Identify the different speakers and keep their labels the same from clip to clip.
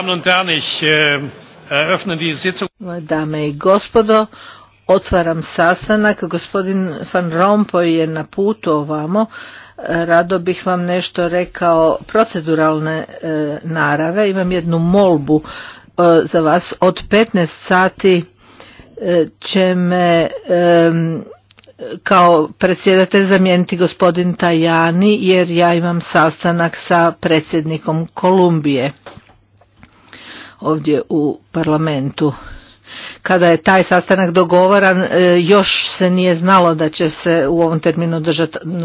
Speaker 1: Äh,
Speaker 2: Dame i gospodo, otvaram sastanak. Gospodin Van Rompuy je na putu ovamo. Rado bih vam nešto rekao proceduralne e, narave. Imam jednu molbu e, za vas. Od 15 sati e, će me kao predsjedatelj zamijeniti gospodin Tajani jer ja imam sastanak sa predsjednikom Kolumbije ovdje u parlamentu. Kada je taj sastanak dogovoran, e, još se nije znalo da će se u ovom terminu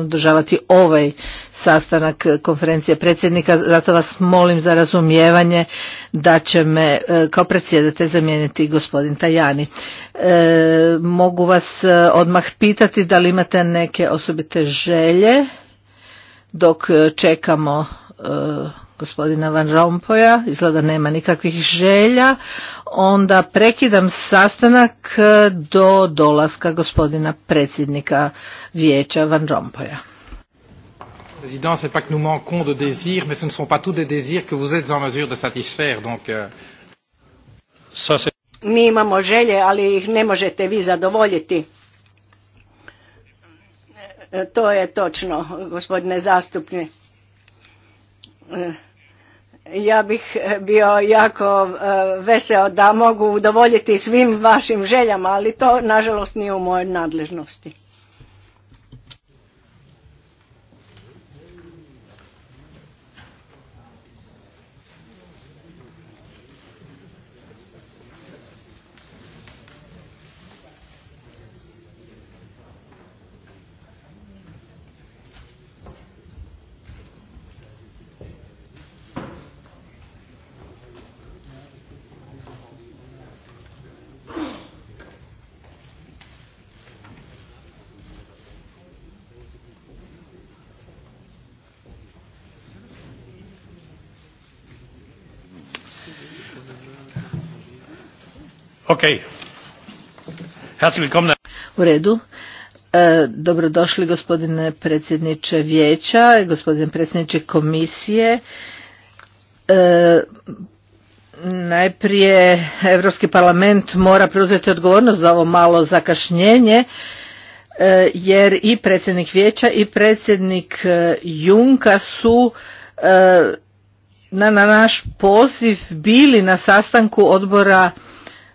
Speaker 2: održavati ovaj sastanak konferencije predsjednika, zato vas molim za razumijevanje da će me e, kao predsjedatelj zamijeniti gospodin Tajani. E, mogu vas odmah pitati da li imate neke osobite želje dok čekamo gospodina Van Rompoja, izgleda nema nikakvih želja, onda prekidam sastanak e, do dolaska gospodina predsjednika vijeća Van Rompoja. Président, c'est pas que nous manquons de désirs, mais ce ne sont pas tous des désirs que vous êtes en mesure de satisfaire. Donc, euh.
Speaker 3: Mi imamo želje, ali ih ne možete vi zadovoljiti. E, to je točno, gospodine zastupnik e, ja bih e, bio jako e, veseo da mogu udovoljiti svim vašim željama, ali to nažalost nije u mojoj nadležnosti.
Speaker 2: U redu. E, dobrodošli gospodine predsjedniče vijeća, gospodine predsjedniče komisije. E, najprije Europski parlament mora preuzeti odgovornost za ovo malo zakašnjenje e, jer i predsjednik vijeća i predsjednik Junka su na naš poziv bili na sastanku odbora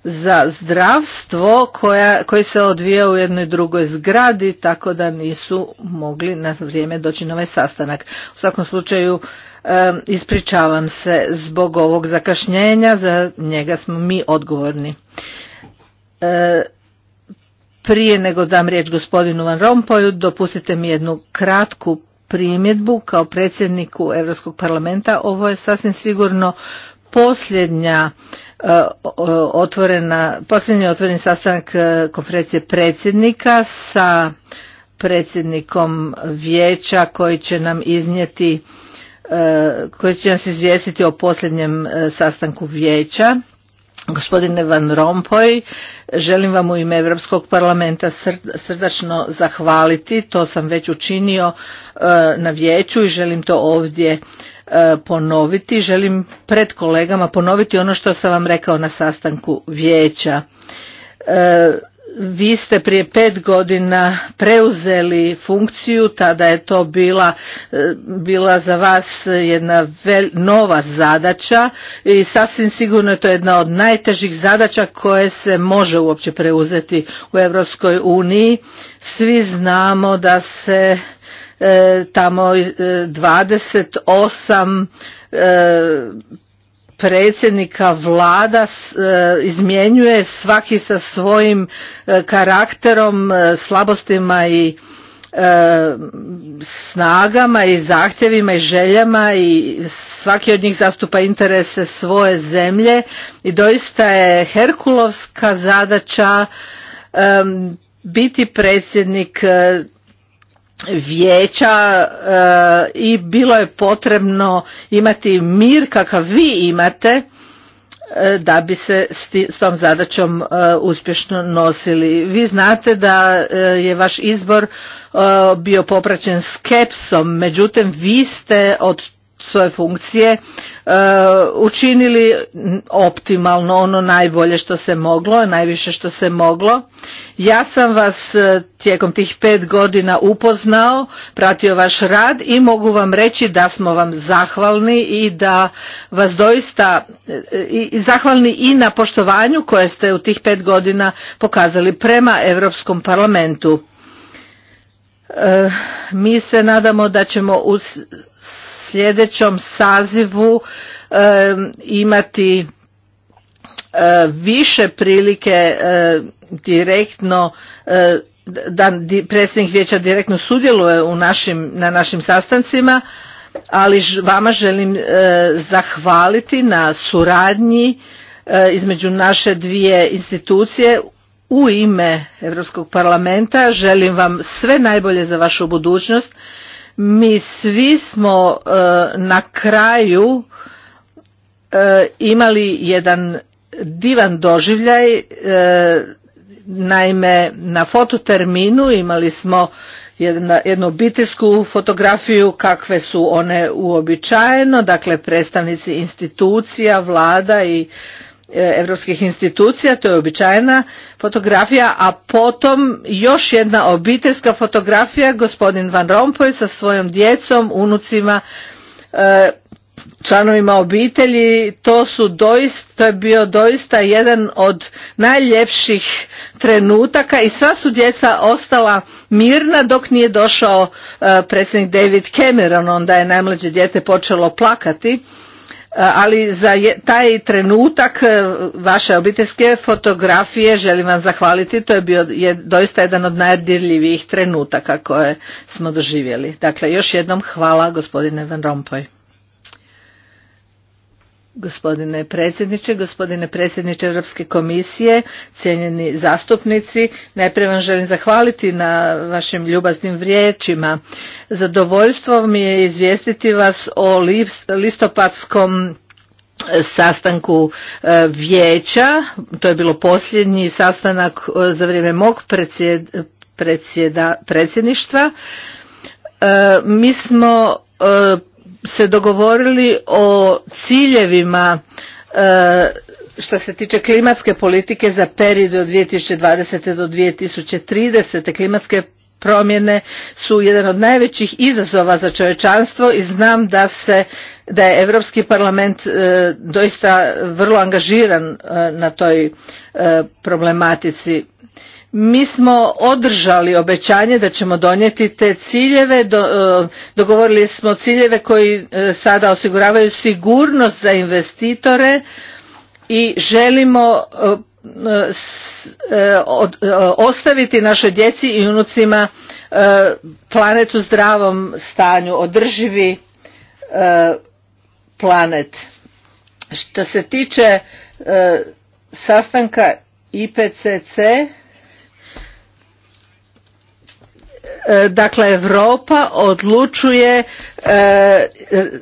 Speaker 2: za zdravstvo koja, koji se odvija u jednoj drugoj zgradi tako da nisu mogli na vrijeme doći na ovaj sastanak. U svakom slučaju ispričavam se zbog ovog zakašnjenja, za njega smo mi odgovorni. E, prije nego dam riječ gospodinu Van Rompoju, dopustite mi jednu kratku primjedbu kao predsjedniku Europskog parlamenta. Ovo je sasvim sigurno posljednja e, otvorena, posljednji otvoren sastanak e, konferencije predsjednika sa predsjednikom vijeća koji će nam iznijeti e, koji će nas izvijestiti o posljednjem sastanku vijeća. Gospodine Van Rompuy, želim vam u ime Europskog parlamenta srdačno zahvaliti, to sam već učinio na vijeću i želim to ovdje E, ponoviti, želim pred kolegama ponoviti ono što sam vam rekao na sastanku vijeća. E, vi ste prije pet godina preuzeli funkciju, tada je to bila, e, bila za vas jedna nova zadaća i sasvim sigurno je to jedna od najtežih zadaća koje se može uopće preuzeti u Europskoj uniji. Svi znamo da se E, tamo 28 e, e, predsjednika vlada izmjenjuje svaki sa svojim karakterom, slabostima i snagama i zahtjevima i željama i svaki od njih zastupa interese svoje zemlje i doista je Herkulovska zadaća biti predsjednik vijeća eh, i bilo je potrebno imati mir kakav vi imate eh, da bi se s, tom zadaćom eh, uspješno nosili. Vi znate da je vaš izbor bio popraćen skepsom, međutim vi ste od svoje funkcije e, učinili optimalno ono najbolje što se moglo, najviše što se moglo. Ja sam vas e, tijekom tih pet godina upoznao, pratio vaš rad i mogu vam reći da smo vam zahvalni i da vas doista e, i zahvalni i na poštovanju koje ste u tih pet godina pokazali prema Europskom parlamentu. Mi se nadamo da ćemo uz sljedećom sazivu imati e, više prilike e, direktno e, da predsjednik vijeća direktno sudjeluje u našim, na našim sastancima ali vama želim zahvaliti na suradnji između naše dvije institucije u ime Europskog parlamenta želim vam sve najbolje za vašu budućnost mi svi smo e, na kraju e, imali jedan divan doživljaj e, naime na fototerminu imali smo jednu obiteljsku fotografiju kakve su one uobičajeno dakle predstavnici institucija vlada i europskih institucija, to je običajna fotografija, a potom još jedna obiteljska fotografija, gospodin Van Rompuy sa svojom djecom, unucima, e, članovima obitelji, to su doista, to je bio doista jedan od najljepših trenutaka i sva su djeca ostala mirna dok nije došao e, predsjednik David Cameron, onda je najmlađe dijete počelo plakati ali za taj trenutak e, vaše obiteljske fotografije želim vam zahvaliti, to je bio je doista jedan od najdirljivijih trenutaka koje smo doživjeli. Dakle, još jednom hvala gospodine Van Rompuy. Gospodine predsjedniče, gospodine predsjedniče Europske komisije, cijenjeni zastupnici, najprije vam želim zahvaliti na vašim ljubaznim riječima. Zadovoljstvo mi je izvijestiti vas o listopadskom e, sastanku e, vijeća, to je bilo posljednji sastanak e, za vrijeme mog predsjedništva. Mi smo se dogovorili o ciljevima e, što se tiče klimatske politike za period od 2020. do 2030. klimatske promjene su jedan od najvećih izazova za čovječanstvo i znam da se da je Europski parlament e, doista vrlo angažiran e, na toj problematici mi smo održali obećanje da ćemo donijeti te ciljeve, e, dogovorili smo ciljeve koji e, sada osiguravaju sigurnost za investitore i želimo e, ostaviti našoj djeci i unucima planetu zdravom stanju, održivi planet. Što se tiče sastanka IPCC, E, dakle Europa odlučuje e,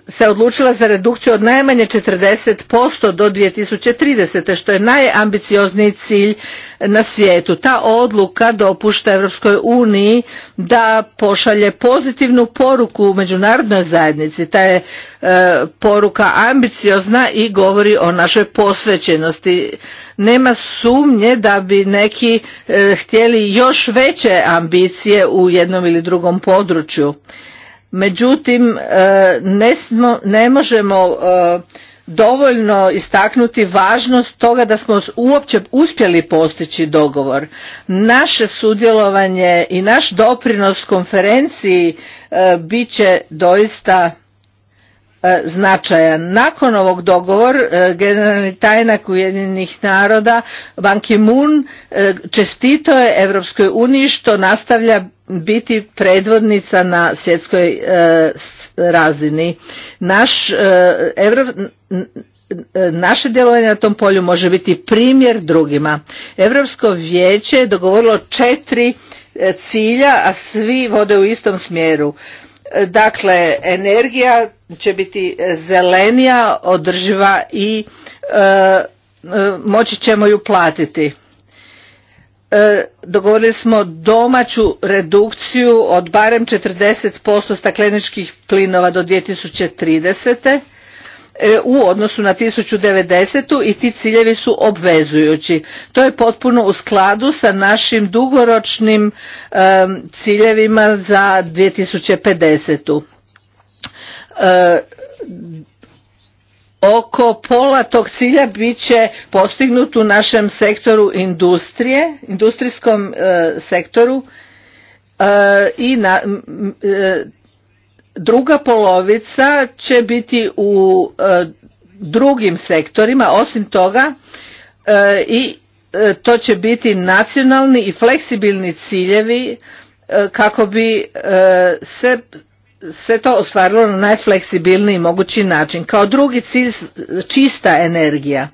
Speaker 2: se odlučila za redukciju od najmanje 40% do 2030. što je najambiciozniji cilj na svijetu. Ta odluka dopušta Europskoj uniji da pošalje pozitivnu poruku u međunarodnoj zajednici. Ta je e, poruka ambiciozna i govori o našoj posvećenosti nema sumnje da bi neki e, htjeli još veće ambicije u jednom ili drugom području međutim e, ne, ne možemo e, dovoljno istaknuti važnost toga da smo uopće uspjeli postići dogovor naše sudjelovanje i naš doprinos konferenciji bit će doista E, značajan. Nakon ovog dogovor e, generalni tajnak Ujedinjenih naroda Ban Ki-moon e, čestito je Europskoj uniji što nastavlja biti predvodnica na svjetskoj razini. Naš naše djelovanje na tom polju može biti primjer drugima. Europsko vijeće je dogovorilo četiri cilja, a svi vode u istom smjeru. Dakle, energija će biti zelenija, održiva i e, e moći ćemo ju platiti. E, dogovorili smo domaću redukciju od barem 40% stakleničkih plinova do 2030. E, u odnosu na 1990. i ti ciljevi su obvezujući. To je potpuno u skladu sa našim dugoročnim ciljevima za 2050. E, oko pola tog cilja bit će postignut u našem sektoru industrije, industrijskom e, sektoru i na, druga polovica će biti u e, drugim sektorima osim toga e, i e, to će biti nacionalni i fleksibilni ciljevi kako bi se se to ostvarilo na najfleksibilniji mogući način. Kao drugi cilj čista energija.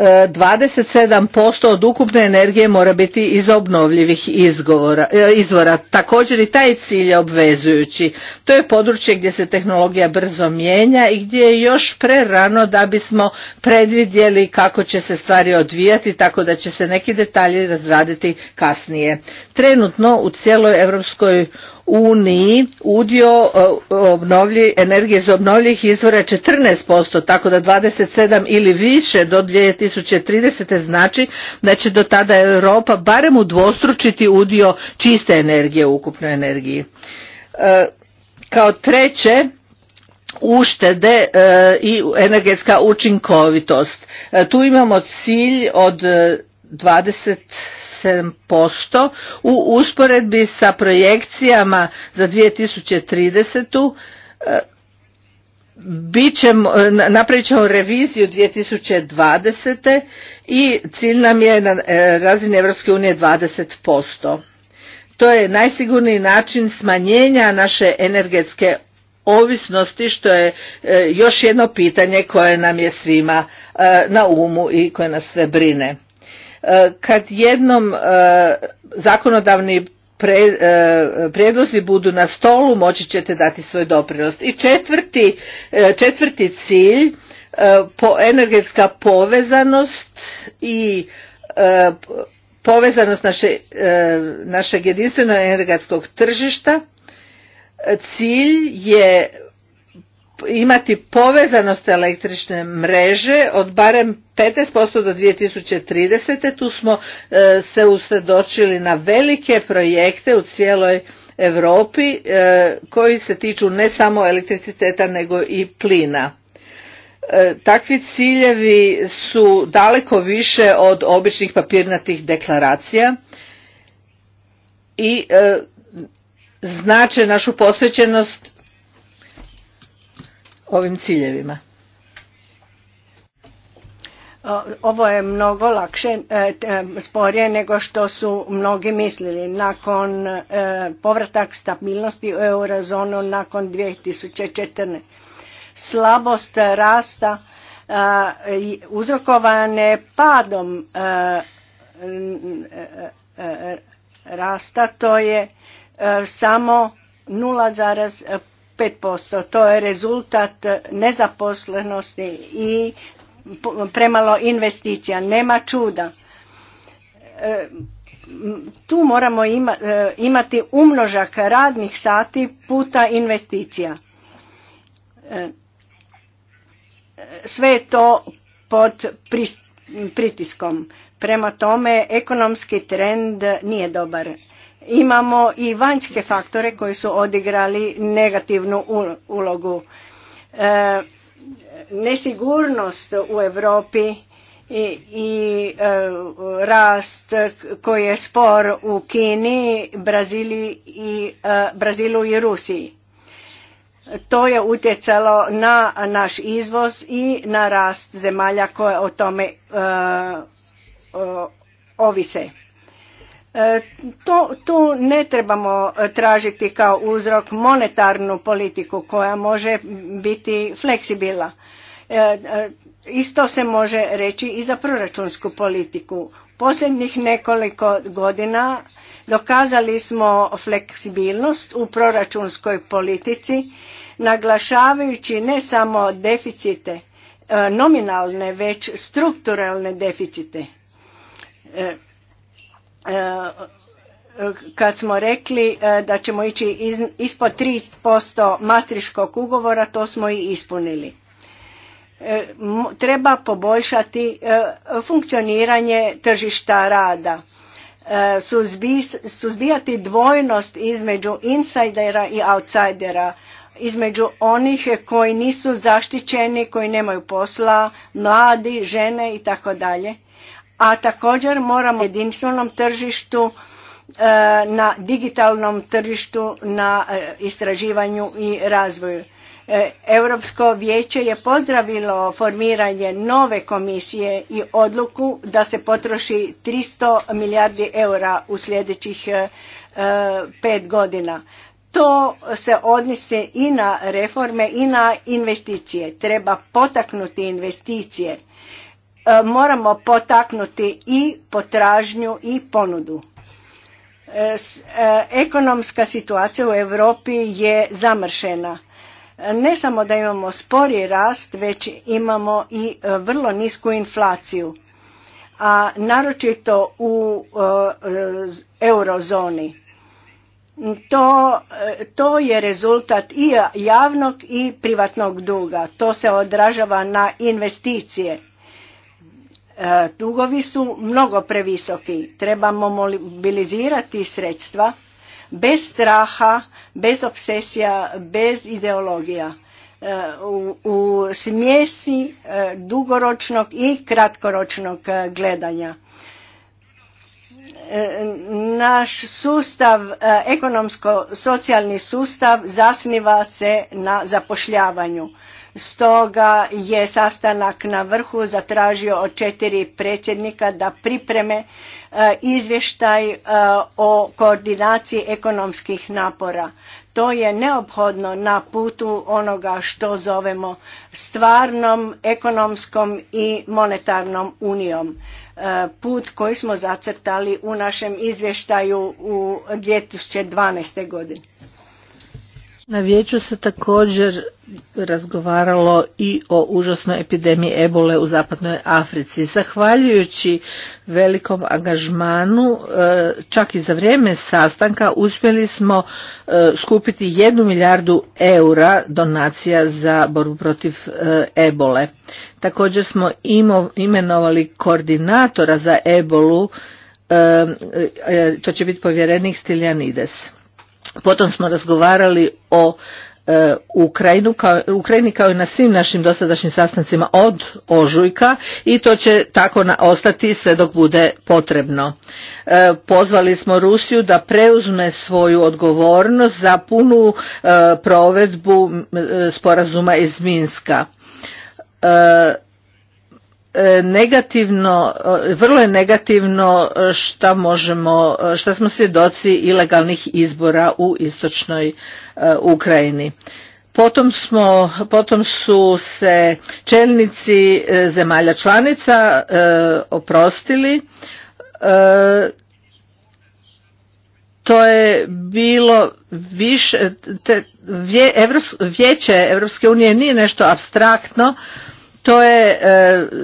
Speaker 2: 27% od ukupne energije mora biti iz obnovljivih e, izvora. Također i taj cilj je obvezujući. To je područje gdje se tehnologija brzo mijenja i gdje je još prerano da bismo predvidjeli kako će se stvari odvijati, tako da će se neki detalji razraditi kasnije. Trenutno u cijeloj Europskoj uniji udio e, energije iz obnovljivih izvora je posto tako da 27 ili više do 2030. znači da će do tada Europa barem udvostručiti udio čiste energije u ukupnoj energiji. E, kao treće, uštede e, i energetska učinkovitost. Tu imamo cilj od 20 7% u usporedbi sa projekcijama za 2030. E, bit ćemo, e, napravit ćemo reviziju 2020. i cilj nam je na e, razini Europske unije 20%. To je najsigurniji način smanjenja naše energetske ovisnosti što je još jedno pitanje koje nam je svima na umu i koje nas sve brine. E, kad jednom e, zakonodavni e, prijedlozi budu na stolu, moći ćete dati svoj doprinos. I četvrti, četvrti cilj, po energetska povezanost i povezanost naše, našeg jedinstvenog energetskog tržišta. Cilj je imati povezanost električne mreže od barem 15% do 2030. Tu smo e, se usredočili na velike projekte u cijeloj Europi e, koji se tiču ne samo elektriciteta nego i plina. E, takvi ciljevi su daleko više od običnih papirnatih deklaracija i znače našu posvećenost ovim ciljevima.
Speaker 3: Ovo je mnogo lakše, e, e, sporije nego što su mnogi mislili. Nakon e, povratak stabilnosti u eurozonu nakon 2014. Slabost rasta uzrokovane padom rasta to je samo to je rezultat nezaposlenosti i premalo investicija. Nema čuda. E, tu moramo e, imati umnožak radnih sati puta investicija. E, sve je to pod pritiskom. Prema tome, ekonomski trend nije dobar Imamo i vanjske faktore koji su odigrali negativnu ulogu. E, nesigurnost u Europi i, e, rast koji je spor u Kini, i, e, Brazilu i Rusiji. To je utjecalo na naš izvoz i na rast zemalja koje o tome ovise. E, to, tu ne trebamo tražiti kao uzrok monetarnu politiku koja može biti fleksibila. E, e, isto se može reći i za proračunsku politiku. Posljednjih nekoliko godina dokazali smo fleksibilnost u proračunskoj politici naglašavajući ne samo deficite nominalne već strukturalne deficite E, kad smo rekli e, da ćemo ići ispod 3% mastriškog ugovora, to smo i ispunili. E, treba poboljšati funkcioniranje tržišta rada, suzbijati dvojnost između insajdera i outsajdera, između onih koji nisu zaštićeni, koji nemaju posla, mladi, žene i tako dalje a također moramo jedinstvenom tržištu e, na digitalnom tržištu na e, istraživanju i razvoju. E, Europsko vijeće je pozdravilo formiranje nove komisije i odluku da se potroši 300 milijardi eura u sljedećih pet godina. To se odnise i na reforme i na investicije. Treba potaknuti investicije E, moramo potaknuti i potražnju i ponudu. E, e, ekonomska situacija u Europi je zamršena. Ne samo da imamo spori rast, već imamo i vrlo nisku inflaciju, a naročito u eurozoni. To, to je rezultat i javnog i privatnog duga. To se odražava na investicije E, dugovi su mnogo previsoki. Trebamo mobilizirati sredstva bez straha, bez obsesija, bez ideologija. E, u, u smjesi e, dugoročnog i kratkoročnog gledanja. Naš sustav, ekonomsko-socijalni sustav zasniva se na zapošljavanju Stoga je sastanak na vrhu zatražio od četiri predsjednika da pripreme e, izvještaj e, o koordinaciji ekonomskih napora. To je neophodno na putu onoga što zovemo stvarnom ekonomskom i monetarnom unijom. E, put koji smo zacrtali u našem izvještaju u 2012. godini.
Speaker 2: Na vijeću se također razgovaralo i o užasnoj epidemiji ebole u zapadnoj Africi. Zahvaljujući velikom angažmanu, e, čak i za vrijeme sastanka, uspjeli smo e, skupiti jednu milijardu eura donacija za borbu protiv e, ebole. Također smo imenovali koordinatora za ebolu, to će biti povjerenik Stiljanides. Potom smo razgovarali o e, Ukrajinu kao, Ukrajini kao i na svim našim dosadašnjim sastancima od ožujka i to će tako ostati sve dok bude potrebno. E, pozvali smo Rusiju da preuzme svoju odgovornost za punu e, provedbu sporazuma iz Minska. E, negativno, e, vrlo je negativno e, šta možemo, šta smo svjedoci ilegalnih izbora u istočnoj Ukrajini. Potom, smo, potom su se čelnici zemalja članica oprostili. To je bilo više, te, vijeće Evropske unije nije nešto abstraktno, to je e,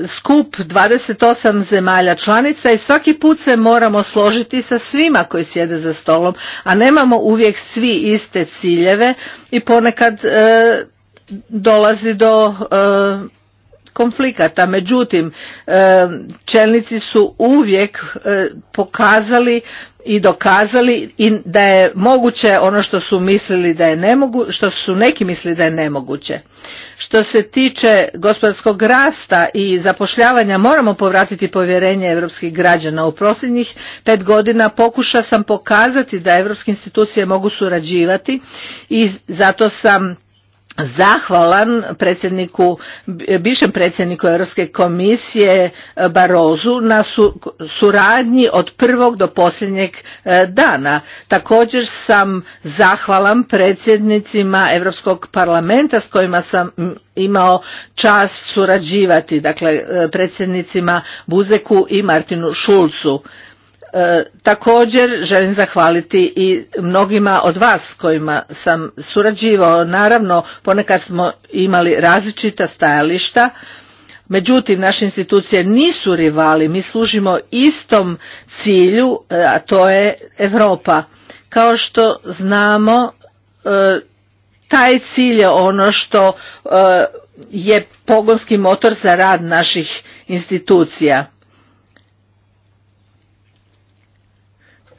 Speaker 2: skup 28 zemalja članica i svaki put se moramo složiti sa svima koji sjede za stolom, a nemamo uvijek svi iste ciljeve i ponekad e, dolazi do e, konflikata. Međutim, e, čelnici su uvijek e, pokazali i dokazali da je moguće ono što su mislili da je nemoguće, što su neki mislili da je nemoguće. Što se tiče gospodarskog rasta i zapošljavanja moramo povratiti povjerenje europskih građana. U prosljednjih pet godina pokuša sam pokazati da europske institucije mogu surađivati i zato sam zahvalan predsjedniku, bivšem predsjedniku Europske komisije eh, Barozu na suradnji od prvog do posljednjeg eh, dana. Također sam zahvalan predsjednicima Europskog parlamenta s kojima sam imao čast surađivati, dakle eh, predsjednicima Buzeku i Martinu Šulcu. E, također želim zahvaliti i mnogima od vas s kojima sam surađivao. Naravno, ponekad smo imali različita stajališta, međutim naše institucije nisu rivali, mi služimo istom cilju, e, a to je Europa. Kao što znamo, e, taj cilj je ono što je pogonski motor za rad naših institucija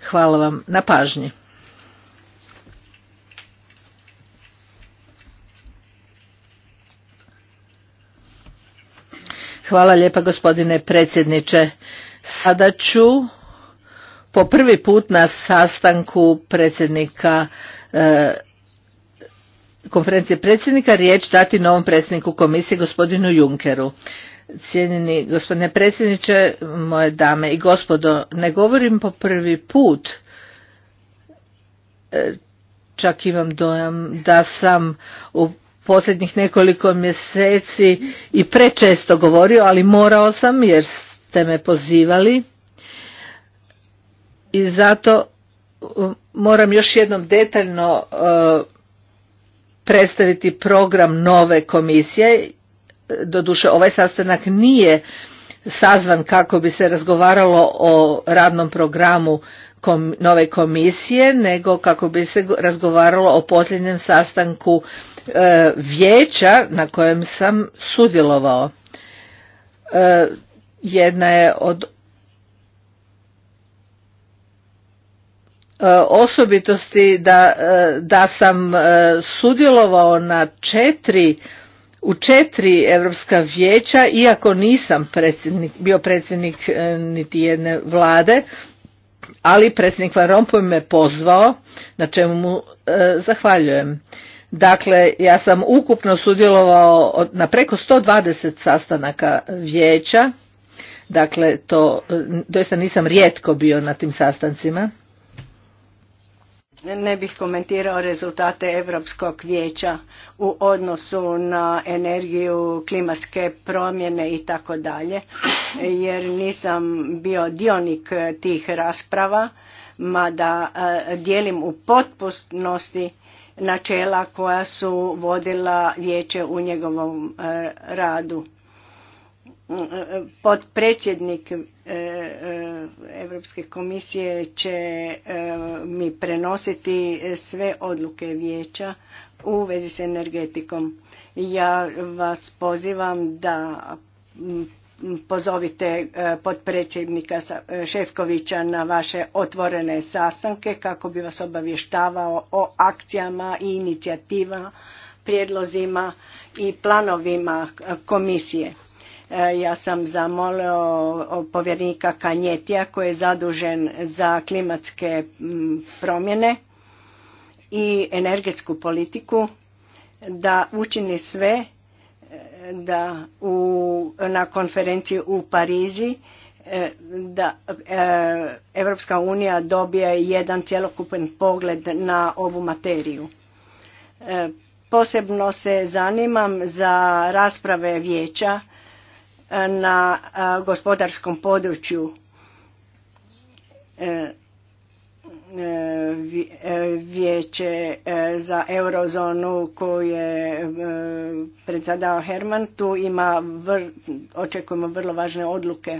Speaker 2: Hvala vam na pažnji. Hvala lijepa gospodine predsjedniče. Sada ću po prvi put na sastanku predsjednika e, konferencije predsjednika riječ dati novom predsjedniku komisije gospodinu Junkeru. Cijenjeni gospodine predsjedniče, moje dame i gospodo, ne govorim po prvi put, e, čak imam dojam da sam u posljednjih nekoliko mjeseci i prečesto govorio, ali morao sam jer ste me pozivali i zato moram još jednom detaljno e, predstaviti program nove komisije doduše ovaj sastanak nije sazvan kako bi se razgovaralo o radnom programu kom, nove komisije, nego kako bi se razgovaralo o posljednjem sastanku e, vijeća na kojem sam sudjelovao. E, jedna je od e, osobitosti da, e, da sam sudjelovao na četiri u četiri europska vijeća, iako nisam predsjednik, bio predsjednik e, niti jedne vlade, ali predsjednik Van Rompuy me pozvao, na čemu mu e, zahvaljujem. Dakle, ja sam ukupno sudjelovao na preko 120 sastanaka vijeća, dakle, to e, doista nisam rijetko bio na tim sastancima.
Speaker 3: Ne bih komentirao rezultate Europskog vijeća u odnosu na energiju, klimatske promjene i tako dalje, jer nisam bio dionik tih rasprava, mada e, dijelim u potpustnosti načela koja su vodila vijeće u njegovom e, radu. Potpredsjednik e, Europske komisije će mi prenositi sve odluke vijeća u vezi s energetikom. Ja vas pozivam da pozovite e, potpredsjednika e, Šefkovića na vaše otvorene sastanke kako bi vas obavještavao o akcijama i inicijativama, prijedlozima i planovima komisije. E, ja sam zamolio povjernika Kanjetija koji je zadužen za klimatske promjene i energetsku politiku da učini sve e, da u, na konferenciji u Parizi e, da e, Evropska unija dobije jedan cjelokupan pogled na ovu materiju. Posebno se zanimam za rasprave vijeća na gospodarskom području E, vijeće e, za eurozonu koju je e, predsadao Herman. Tu ima, vr, očekujemo vrlo važne odluke.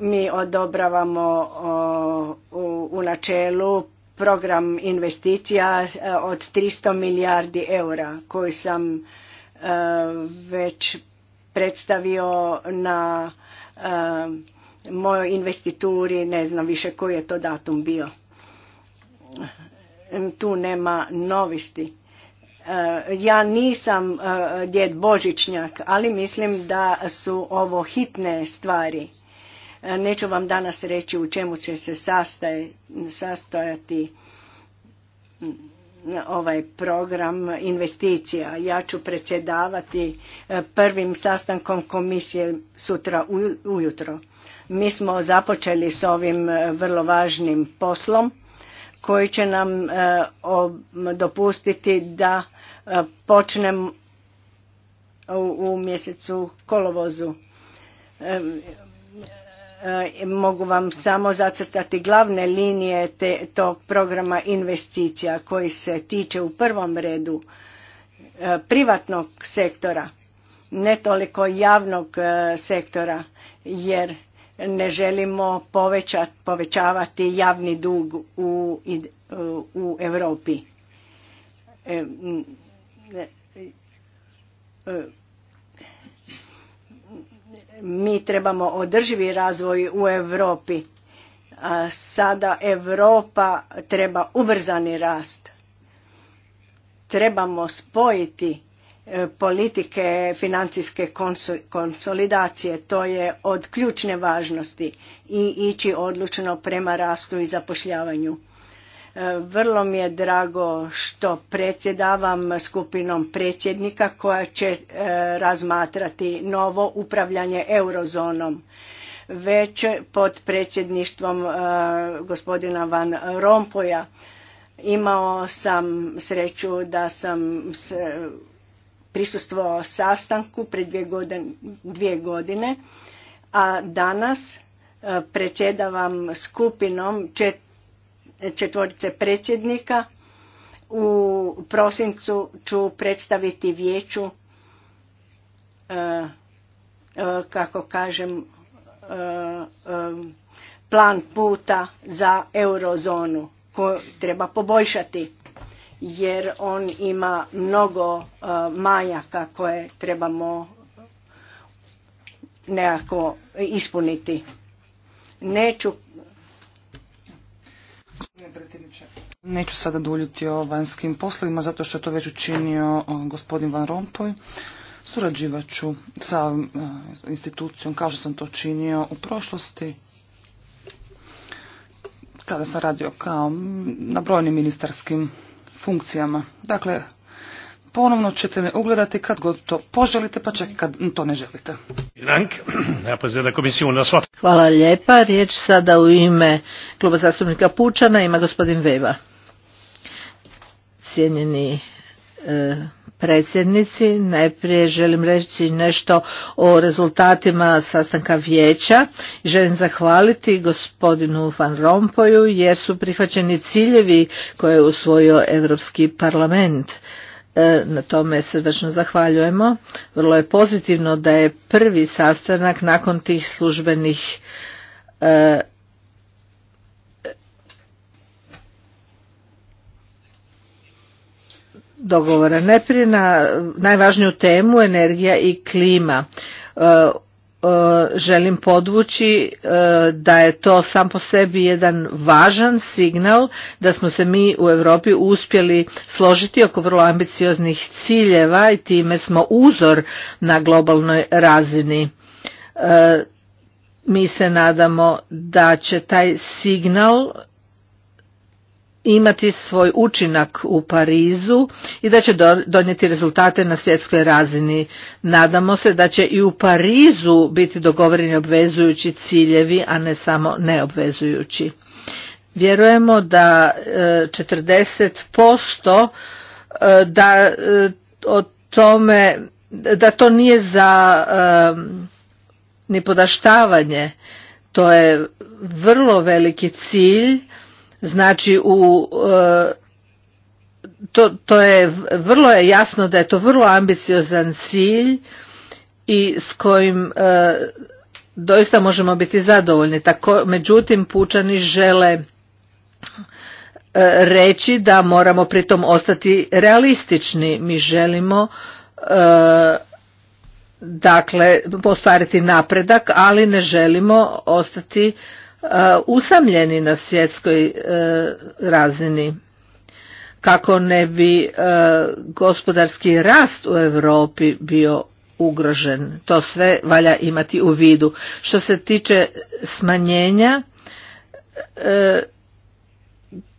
Speaker 3: Mi odobravamo u načelu program investicija od 300 milijardi eura koji sam već predstavio na mojoj investituri, ne znam više koji je to datum bio. Tu nema novisti. E, ja nisam e, djed Božićnjak, ali mislim da su ovo hitne stvari. E, neću vam danas reći u čemu će se sastojati ovaj program investicija. Ja ću predsjedavati prvim sastankom komisije sutra ujutro mi smo započeli s ovim e, vrlo važnim poslom koji će nam e, dopustiti da e, počnem u mjesecu kolovozu. Mogu vam samo zacrtati glavne linije te, tog programa investicija koji se tiče u prvom redu privatnog sektora, ne toliko javnog sektora, jer ne želimo povećavati javni dug u, u Europi. E, e, mi trebamo održivi razvoj u Europi. A sada Europa treba ubrzani rast. Trebamo spojiti E, politike financijske konsolidacije. To je od ključne važnosti i ići odlučno prema rastu i zapošljavanju. E, vrlo mi je drago što predsjedavam skupinom predsjednika koja će e, razmatrati novo upravljanje eurozonom. Već pod predsjedništvom gospodina Van Rompoja imao sam sreću da sam prisustvovao sastanku pred dvije godine, dvije godine a danas e, predsjedavam skupinom četvorice predsjednika. U prosincu ću predstaviti vijeću, e, e, kako kažem, plan puta za eurozonu koju treba poboljšati jer on ima mnogo e, majaka koje trebamo nekako ispuniti.
Speaker 1: Neću Neću sada duljiti o vanjskim poslovima, zato što je to već učinio e, gospodin Van Rompuy. Surađivaću ću sa e, institucijom, kao što sam to činio u prošlosti, kada sam radio kao na brojnim ministarskim funkcijama. Dakle, ponovno ćete me ugledati kad god to poželite, pa čak kad to ne želite. Hvala lijepa. Riječ
Speaker 2: sada u ime kluba zastupnika Pučana ima gospodin Veva. Cijenjeni E, predsjednici. Najprije želim reći nešto o rezultatima sastanka vijeća. Želim zahvaliti gospodinu Van Rompoju jer su prihvaćeni ciljevi koje je usvojio Europski parlament. E, na tome srdačno zahvaljujemo. Vrlo je pozitivno da je prvi sastanak nakon tih službenih e, dogovora. Najprije na najvažniju temu energija i klima. E, e, želim podvući e, da je to sam po sebi jedan važan signal da smo se mi u Europi uspjeli složiti oko vrlo ambicioznih ciljeva i time smo uzor na globalnoj razini. Mi se nadamo da će taj signal imati svoj učinak u Parizu i da će donijeti rezultate na svjetskoj razini. Nadamo se da će i u Parizu biti dogovoreni obvezujući ciljevi, a ne samo neobvezujući. Vjerujemo da 40% e, e, da e, o tome da to nije za podaštavanje To je vrlo veliki cilj Znači u e, to, to je vrlo je jasno da je to vrlo ambiciozan cilj i s kojim e, doista možemo biti zadovoljni. Tako, međutim, pučani žele e, reći da moramo pritom ostati realistični. Mi želimo dakle postvariti napredak, ali ne želimo ostati Uh, usamljeni na svjetskoj uh, razini kako ne bi uh, gospodarski rast u Europi bio ugrožen. To sve valja imati u vidu. Što se tiče smanjenja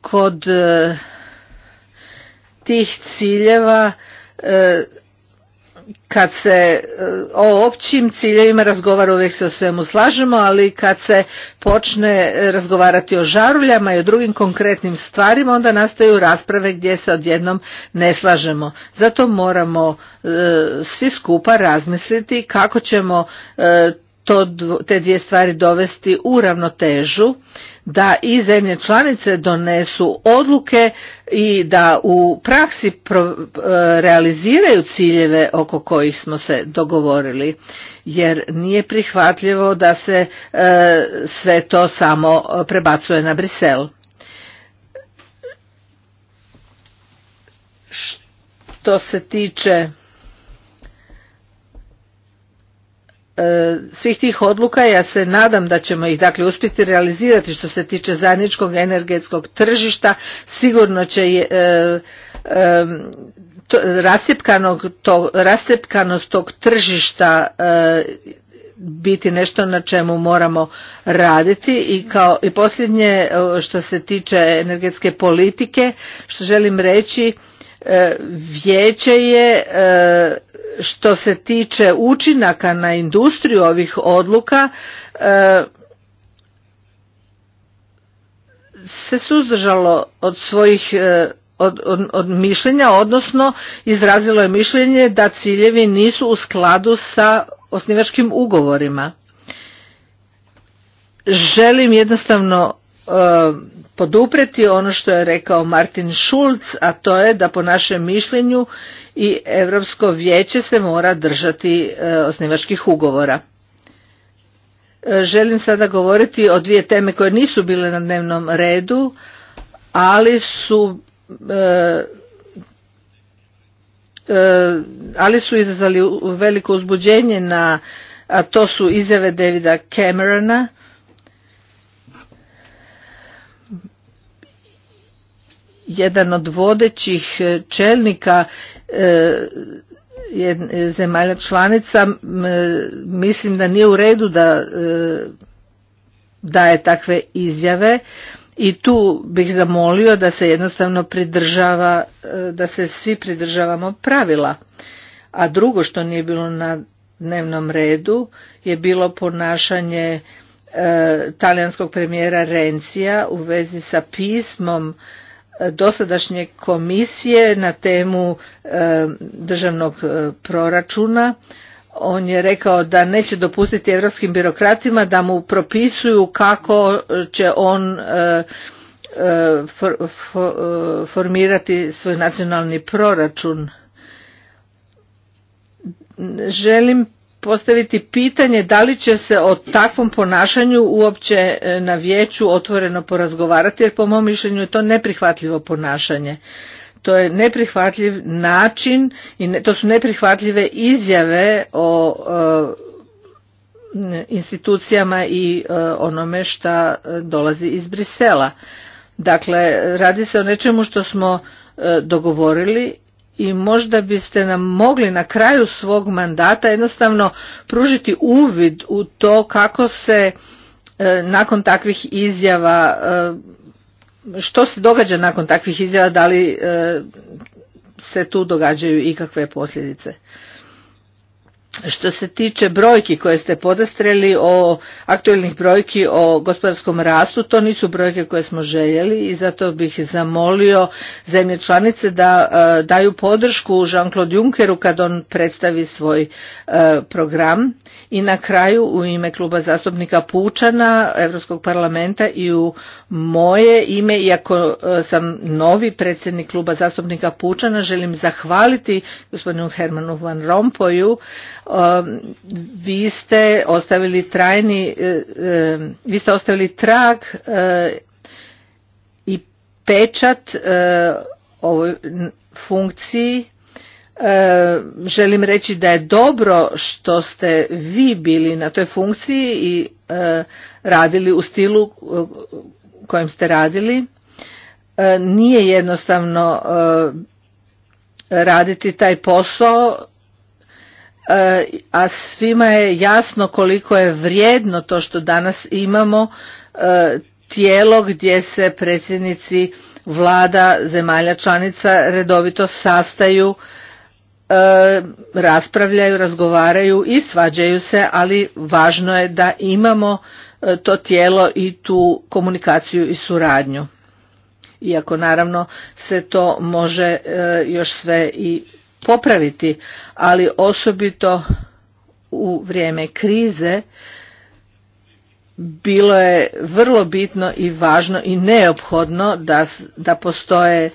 Speaker 2: kod tih ciljeva kad se e, o općim ciljevima razgovara uvijek se o svemu slažemo, ali kad se počne e, razgovarati o žaruljama i o drugim konkretnim stvarima, onda nastaju rasprave gdje se odjednom ne slažemo. Zato moramo e, svi skupa razmisliti kako ćemo to, te dvije stvari dovesti u ravnotežu da i zemlje članice donesu odluke i da u praksi e, realiziraju ciljeve oko kojih smo se dogovorili jer nije prihvatljivo da se e, sve to samo prebacuje na Brisel. Što se tiče E, svih tih odluka ja se nadam da ćemo ih dakle uspjeti realizirati što se tiče zajedničkog energetskog tržišta sigurno će e, e, to, tog tržišta e, biti nešto na čemu moramo raditi i kao i posljednje e, što se tiče energetske politike što želim reći vijeće je što se tiče učinaka na industriju ovih odluka e, se suzdržalo od svojih e, od, od, od mišljenja odnosno izrazilo je mišljenje da ciljevi nisu u skladu sa osnivačkim ugovorima želim jednostavno e, poduprijeti ono što je rekao Martin Schulz a to je da po našem mišljenju i Europsko vijeće se mora držati e, osnivačkih ugovora. E, želim sada govoriti o dvije teme koje nisu bile na dnevnom redu, ali su e, ali su izazvali veliko uzbuđenje na a to su izjave Davida Camerona jedan od vodećih e, čelnika e, zemalja članica e, mislim da nije u redu da daje takve izjave i tu bih zamolio da se jednostavno pridržava da se svi pridržavamo pravila a drugo što nije bilo na dnevnom redu je bilo ponašanje talijanskog premijera Rencija u vezi sa pismom dosadašnje komisije na temu e, državnog e, proračuna on je rekao da neće dopustiti europskim birokratima da mu propisuju kako će on e, formirati svoj nacionalni proračun želim postaviti pitanje da li će se o takvom ponašanju uopće e, na vijeću otvoreno porazgovarati jer po mom mišljenju je to neprihvatljivo ponašanje. To je neprihvatljiv način i to su neprihvatljive izjave o e, institucijama i e, onome što dolazi iz Brisela. Dakle, radi se o nečemu što smo dogovorili i možda biste nam mogli na kraju svog mandata jednostavno pružiti uvid u to kako se e, nakon takvih izjava e, što se događa nakon takvih izjava da li e, se tu događaju ikakve posljedice što se tiče brojki koje ste podastreli o aktualnih brojki o gospodarskom rastu, to nisu brojke koje smo željeli i zato bih zamolio zemlje članice da e, daju podršku Jean-Claude Junckeru kad on predstavi svoj e, program. I na kraju u ime kluba zastupnika Pučana Europskog parlamenta i u moje ime, iako e, sam novi predsjednik kluba zastupnika Pučana, želim zahvaliti gospodinu Hermanu Van Rompoju Ehm, vi ste ostavili trajni, ehm, vi ste ostavili trag ehm, i pečat ovoj funkciji. Želim reći da je dobro što ste vi bili na toj funkciji i radili u stilu kojim ste radili. Nije jednostavno raditi taj posao E, a svima je jasno koliko je vrijedno to što danas imamo e, tijelo gdje se predsjednici vlada zemalja članica redovito sastaju e, raspravljaju, razgovaraju i svađaju se, ali važno je da imamo to tijelo i tu komunikaciju i suradnju. Iako naravno se to može još sve i popraviti, ali osobito u vrijeme krize bilo je vrlo bitno i važno i neophodno da, da postoje,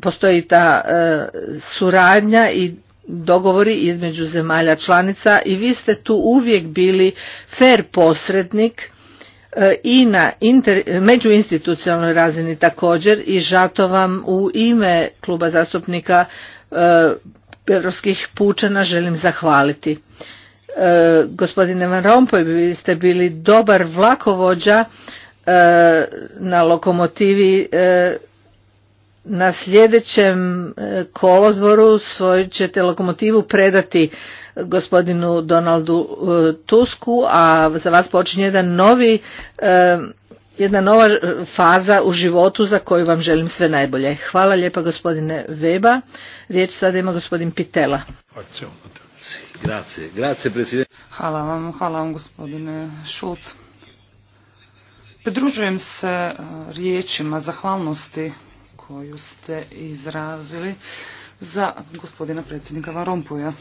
Speaker 2: postoji ta e, suradnja i dogovori između zemalja članica i vi ste tu uvijek bili fer posrednik e, i na međuinstitucionalnoj razini također i žato vam u ime kluba zastupnika e, europskih pučana želim zahvaliti. E, gospodine Van Rompuy, vi ste bili dobar vlakovođa e, na lokomotivi e, na sljedećem e, kolodvoru svoju ćete lokomotivu predati gospodinu Donaldu Tusku, a za vas počinje jedan novi jedna nova e, faza u životu za koju vam želim sve najbolje. Hvala lijepa gospodine Veba. Riječ sada ima gospodin Pitela.
Speaker 1: Hvala vam, hvala vam gospodine Šulc. Pridružujem se e, riječima zahvalnosti koju ste izrazili za gospodina predsjednika Varompuja.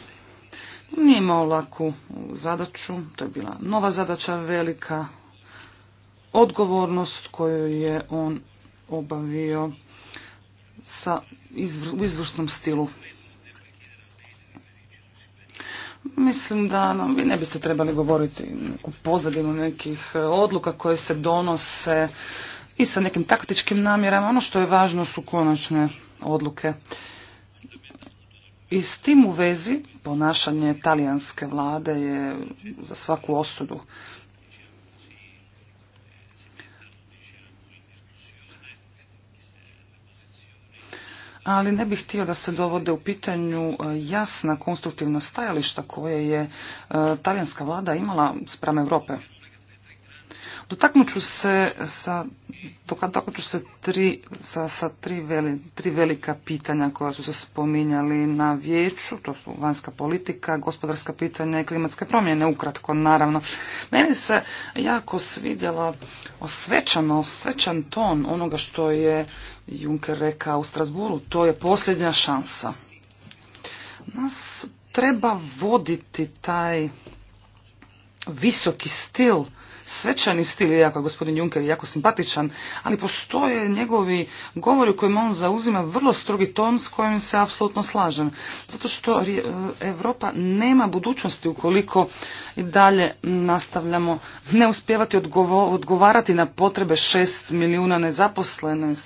Speaker 1: Nije imao laku zadaću, to je bila nova zadaća, velika odgovornost koju je on obavio sa u izvrsnom stilu. Mislim da nam, vi ne biste trebali govoriti u pozadinu nekih e, odluka koje se donose i sa nekim taktičkim namjerama. Ono što je važno su konačne odluke. I s tim u vezi ponašanje talijanske vlade je za svaku osudu. ali ne bih htio da se dovode u pitanju e, jasna konstruktivna stajališta koje je e, talijanska vlada imala spram Europe. Dotaknut ću se sa, dotaknut ću se tri, sa, sa tri, veli, tri velika pitanja koja su se spominjali na vijeću, to su vanjska politika, gospodarska pitanja i klimatske promjene, ukratko naravno. Meni se jako svidjela osvećano, osvećan ton onoga što je Juncker rekao u Strasburu, to je posljednja šansa. Nas treba voditi taj visoki stil svečani stil je jako, gospodin Juncker jako simpatičan, ali postoje njegovi govori u kojima on zauzima vrlo strogi ton s kojim se apsolutno slažem. Zato što Europa nema budućnosti ukoliko i dalje nastavljamo ne uspjevati odgovarati na potrebe šest milijuna nezaposlenih,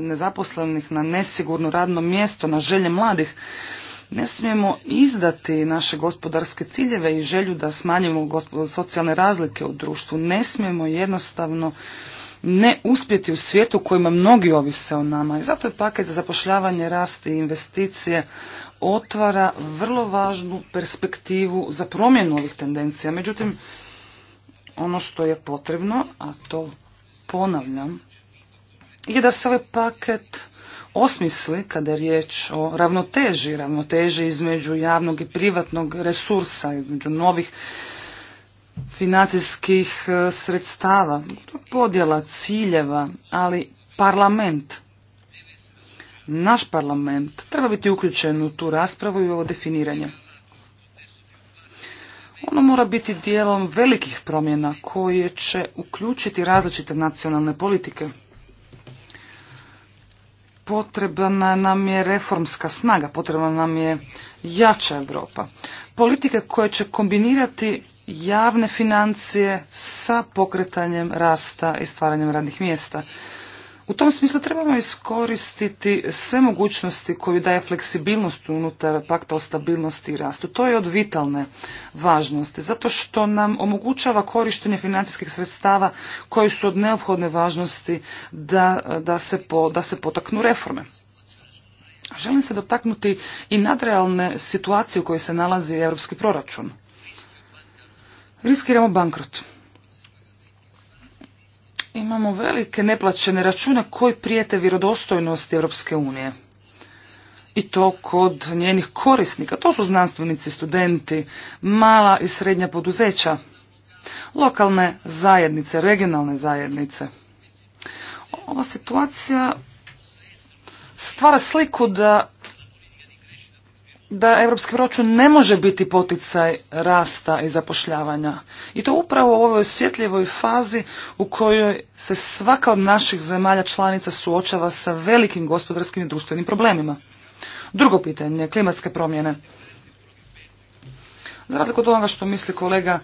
Speaker 1: nezaposlenih na nesigurno radno mjesto, na želje mladih. Ne smijemo izdati naše gospodarske ciljeve i želju da smanjimo socijalne razlike u društvu. Ne smijemo jednostavno ne uspjeti u svijetu kojima mnogi ovise o nama. I zato je paket za zapošljavanje, rast i investicije otvara vrlo važnu perspektivu za promjenu ovih tendencija. Međutim, ono što je potrebno, a to ponavljam, je da se ovaj paket osmisli kada je riječ o ravnoteži, ravnoteži između javnog i privatnog resursa, između novih financijskih e, sredstava, podjela ciljeva, ali parlament, naš parlament, treba biti uključen u tu raspravu i ovo definiranje. Ono mora biti dijelom velikih promjena koje će uključiti različite nacionalne politike potrebna nam je reformska snaga, potrebna nam je jača Europa. Politike koje će kombinirati javne financije sa pokretanjem rasta i stvaranjem radnih mjesta. U tom smislu trebamo iskoristiti sve mogućnosti koju daje fleksibilnost unutar pakta o stabilnosti i rastu. To je od vitalne važnosti, zato što nam omogućava korištenje financijskih sredstava koji su od neophodne važnosti da, da, se, da se potaknu reforme. Želim se dotaknuti i nadrealne situacije u kojoj se nalazi europski proračun. Riskiramo bankrot. Imamo velike neplaćene račune koji prijete vjerodostojnosti Europske unije. I to kod njenih korisnika. To su znanstvenici, studenti, mala i srednja poduzeća, lokalne zajednice, regionalne zajednice. Ova situacija stvara sliku da da europski proračun ne može biti poticaj rasta i zapošljavanja. I to upravo u ovoj osjetljivoj fazi u kojoj se svaka od naših zemalja članica suočava sa velikim gospodarskim i društvenim problemima. Drugo pitanje, klimatske promjene. Za razliku od onoga što misli kolega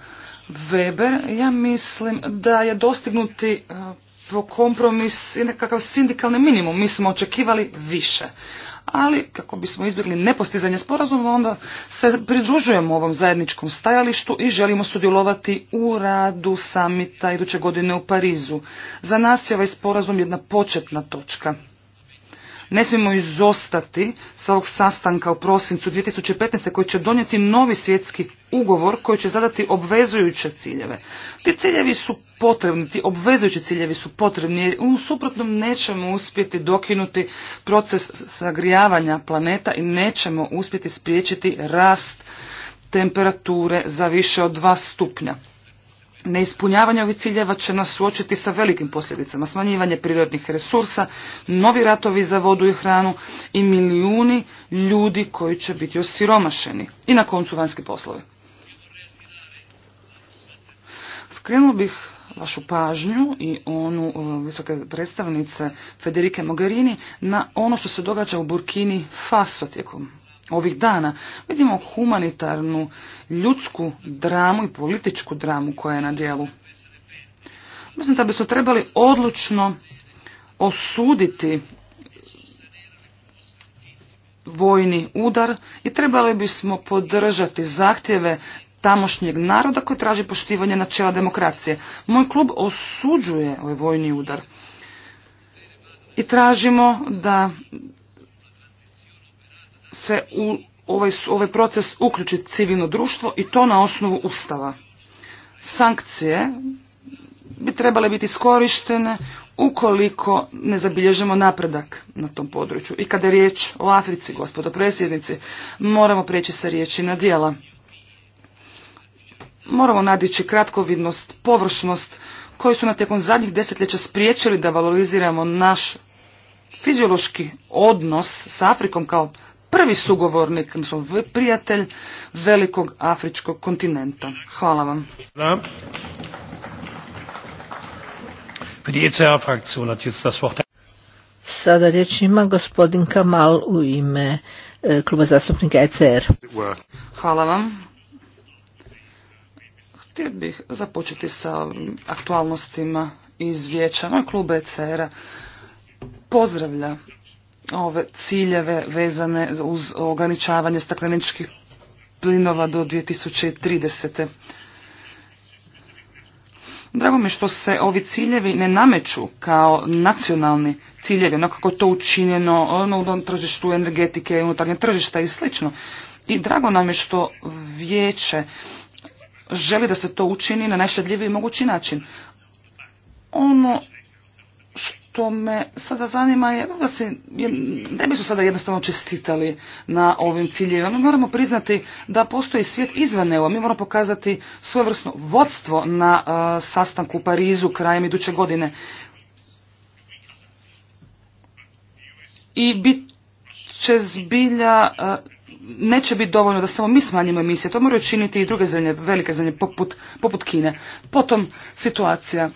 Speaker 1: Weber, ja mislim da je dostignuti eh, kompromis i nekakav sindikalni minimum. Mi smo očekivali više ali kako bismo izbjegli nepostizanje sporazuma, onda se pridružujemo ovom zajedničkom stajalištu i želimo sudjelovati u radu samita iduće godine u Parizu. Za nas je ovaj sporazum jedna početna točka. Ne smijemo izostati sa ovog sastanka u prosincu 2015. koji će donijeti novi svjetski ugovor koji će zadati obvezujuće ciljeve. Ti ciljevi su potrebni, ti obvezujući ciljevi su potrebni jer u suprotnom nećemo uspjeti dokinuti proces sagrijavanja planeta i nećemo uspjeti spriječiti rast temperature za više od dva stupnja. Neispunjavanje ovih ciljeva će nas suočiti sa velikim posljedicama. Smanjivanje prirodnih resursa, novi ratovi za vodu i hranu i milijuni ljudi koji će biti osiromašeni. I na koncu vanjski poslovi. Skrenuo bih vašu pažnju i onu e, visoke predstavnice Federike Mogherini na ono što se događa u Burkini Faso tijekom ovih dana. Vidimo humanitarnu, ljudsku dramu i političku dramu koja je na dijelu. Mislim da bi su trebali odlučno osuditi vojni udar i trebali bismo podržati zahtjeve tamošnjeg naroda koji traži poštivanje načela demokracije. Moj klub osuđuje ovaj vojni udar i tražimo da se u ovaj, ovaj proces uključi civilno društvo i to na osnovu Ustava. Sankcije bi trebale biti iskorištene ukoliko ne zabilježemo napredak na tom području. I kada je riječ o Africi, gospodo predsjednici, moramo prijeći sa riječi na dijela. Moramo nadići kratkovidnost, površnost, koji su na tijekom zadnjih desetljeća spriječili da valoriziramo naš fiziološki odnos s Afrikom kao prvi sugovornik, odnosno prijatelj velikog afričkog kontinenta. Hvala vam. E
Speaker 2: Sada riječ ima gospodin Kamal u ime e, kluba zastupnika ECR.
Speaker 1: Hvala vam. Htio bih započeti sa aktualnostima iz vijeća. kluba ECR-a pozdravlja ove ciljeve vezane uz ograničavanje stakleničkih plinova do 2030. Drago mi što se ovi ciljevi ne nameću kao nacionalni ciljevi, onako kako to učinjeno ono, u tržištu energetike, unutarnje tržišta i slično. I drago nam je što vijeće želi da se to učini na najšedljiviji mogući način. Ono što me sada zanima je ne bismo sada jednostavno čestitali na ovim ciljevima. Mi moramo priznati da postoji svijet izvan EU. Mi moramo pokazati svojevrsno vodstvo na sastanku u Parizu krajem iduće godine. I bit će zbilja neće biti dovoljno da samo mi smanjimo emisije, to moraju činiti i druge zemlje, velike zemlje poput Kine. Potom situacija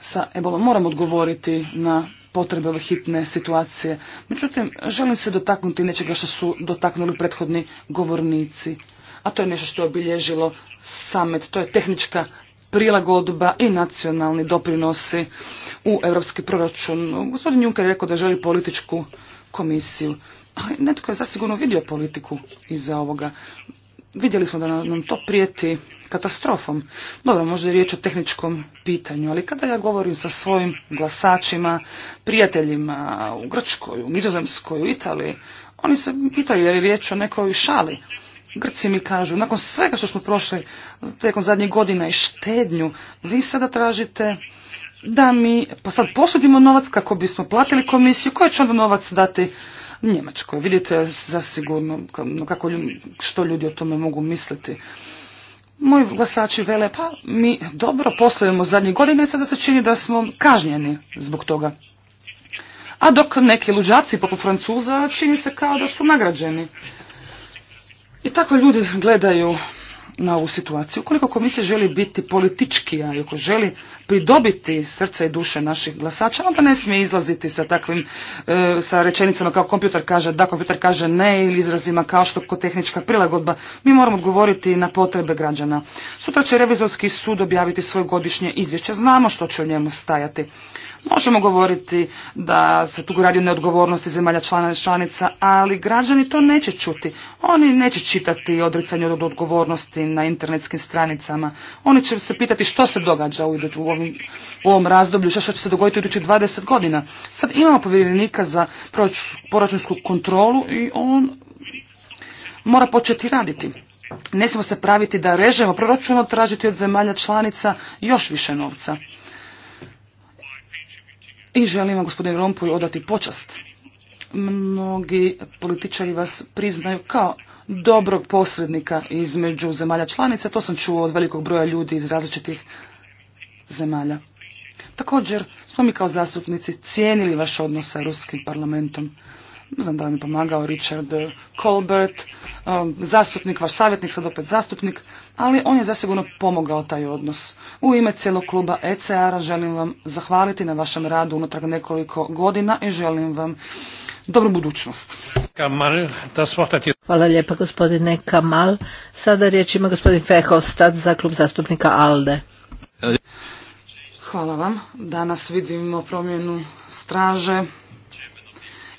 Speaker 1: sa ebolom. Moram odgovoriti na potrebe ove hitne situacije. Međutim, želim se dotaknuti nečega što su dotaknuli prethodni govornici. A to je nešto što je obilježilo samet. To je tehnička prilagodba i nacionalni doprinosi u europski proračun. Gospodin Juncker je rekao da želi političku komisiju. Ali netko je zasigurno vidio politiku iza ovoga. Vidjeli smo da nam to prijeti katastrofom. Dobro, možda je riječ o tehničkom pitanju, ali kada ja govorim sa svojim glasačima, prijateljima u Grčkoj, u Nizozemskoj, u Italiji, oni se pitaju je li riječ o nekoj šali. Grci mi kažu, nakon svega što smo prošli tijekom zadnjih godina i štednju, vi sada tražite da mi sad posudimo novac kako bismo platili komisiju, koja će onda novac dati Njemačkoj. Vidite zasigurno kako, što ljudi o tome mogu misliti. Moji glasači vele, pa mi dobro poslujemo zadnje godine i sada se čini da smo kažnjeni zbog toga. A dok neki luđaci poput Francuza čini se kao da su nagrađeni. I tako ljudi gledaju na ovu situaciju. Ukoliko komisija želi biti političkija i ako želi pridobiti srce i duše naših glasača, onda ne smije izlaziti sa takvim, e, sa rečenicama kao kompjuter kaže da, kompjuter kaže ne ili izrazima kao što kod tehnička prilagodba. Mi moramo odgovoriti na potrebe građana. Sutra će revizorski sud objaviti svoje godišnje izvješće. Znamo što će u njemu stajati. Možemo govoriti da se tu radi o neodgovornosti zemalja članica, ali građani to neće čuti. Oni neće čitati odricanje od odgovornosti na internetskim stranicama. Oni će se pitati što se događa u, ovom razdoblju, što će se dogoditi u idućih 20 godina. Sad imamo povjerenika za proračunsku kontrolu i on mora početi raditi. Ne smo se praviti da režemo proračun tražiti od zemalja članica još više novca. I želimo gospodin Rompuj odati počast. Mnogi političari vas priznaju kao dobrog posrednika između zemalja članica. To sam čuo od velikog broja ljudi iz različitih zemalja. Također smo mi kao zastupnici cijenili vaš odnos sa Ruskim parlamentom. Znam da vam je pomagao Richard Colbert, um, zastupnik, vaš savjetnik, sad opet zastupnik ali on je zasigurno pomogao taj odnos. U ime cijelog kluba ECR-a želim vam zahvaliti na vašem radu unatrag nekoliko godina i želim vam dobru budućnost. Hvala lijepa gospodine Kamal. Sada riječ ima gospodin Fehostad za
Speaker 2: klub zastupnika ALDE.
Speaker 1: Hvala vam. Danas vidimo promjenu straže.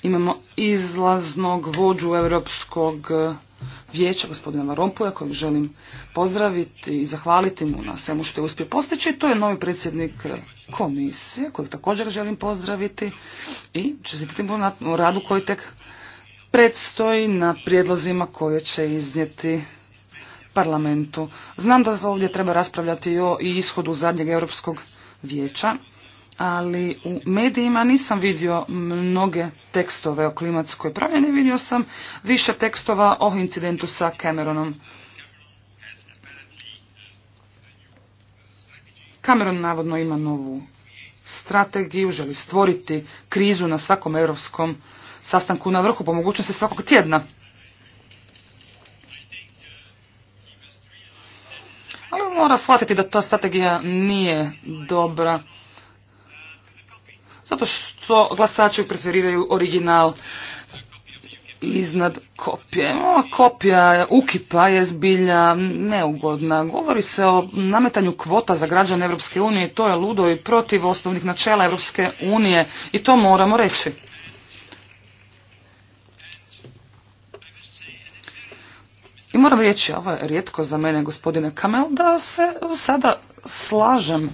Speaker 1: Imamo izlaznog vođu europskog vijeća gospodina Varompuja kojeg želim pozdraviti i zahvaliti mu na svemu što je uspio postići. To je novi predsjednik komisije kojeg također želim pozdraviti i čestitati mu na radu koji tek predstoji na prijedlozima koje će iznijeti parlamentu. Znam da ovdje treba raspravljati i o ishodu zadnjeg europskog vijeća ali u medijima nisam vidio mnoge tekstove o klimatskoj promjeni, vidio sam više tekstova o incidentu sa Cameronom. Cameron navodno ima novu strategiju, želi stvoriti krizu na svakom europskom sastanku na vrhu, po mogućnosti svakog tjedna. Ali mora shvatiti da ta strategija nije dobra zato što glasači preferiraju original iznad kopije. Ova kopija ukipa je zbilja neugodna. Govori se o nametanju kvota za građane Europske unije, to je ludo i protiv osnovnih načela Europske unije i to moramo reći. I moram reći, ovo je rijetko za mene, gospodine Kamel, da se sada slažem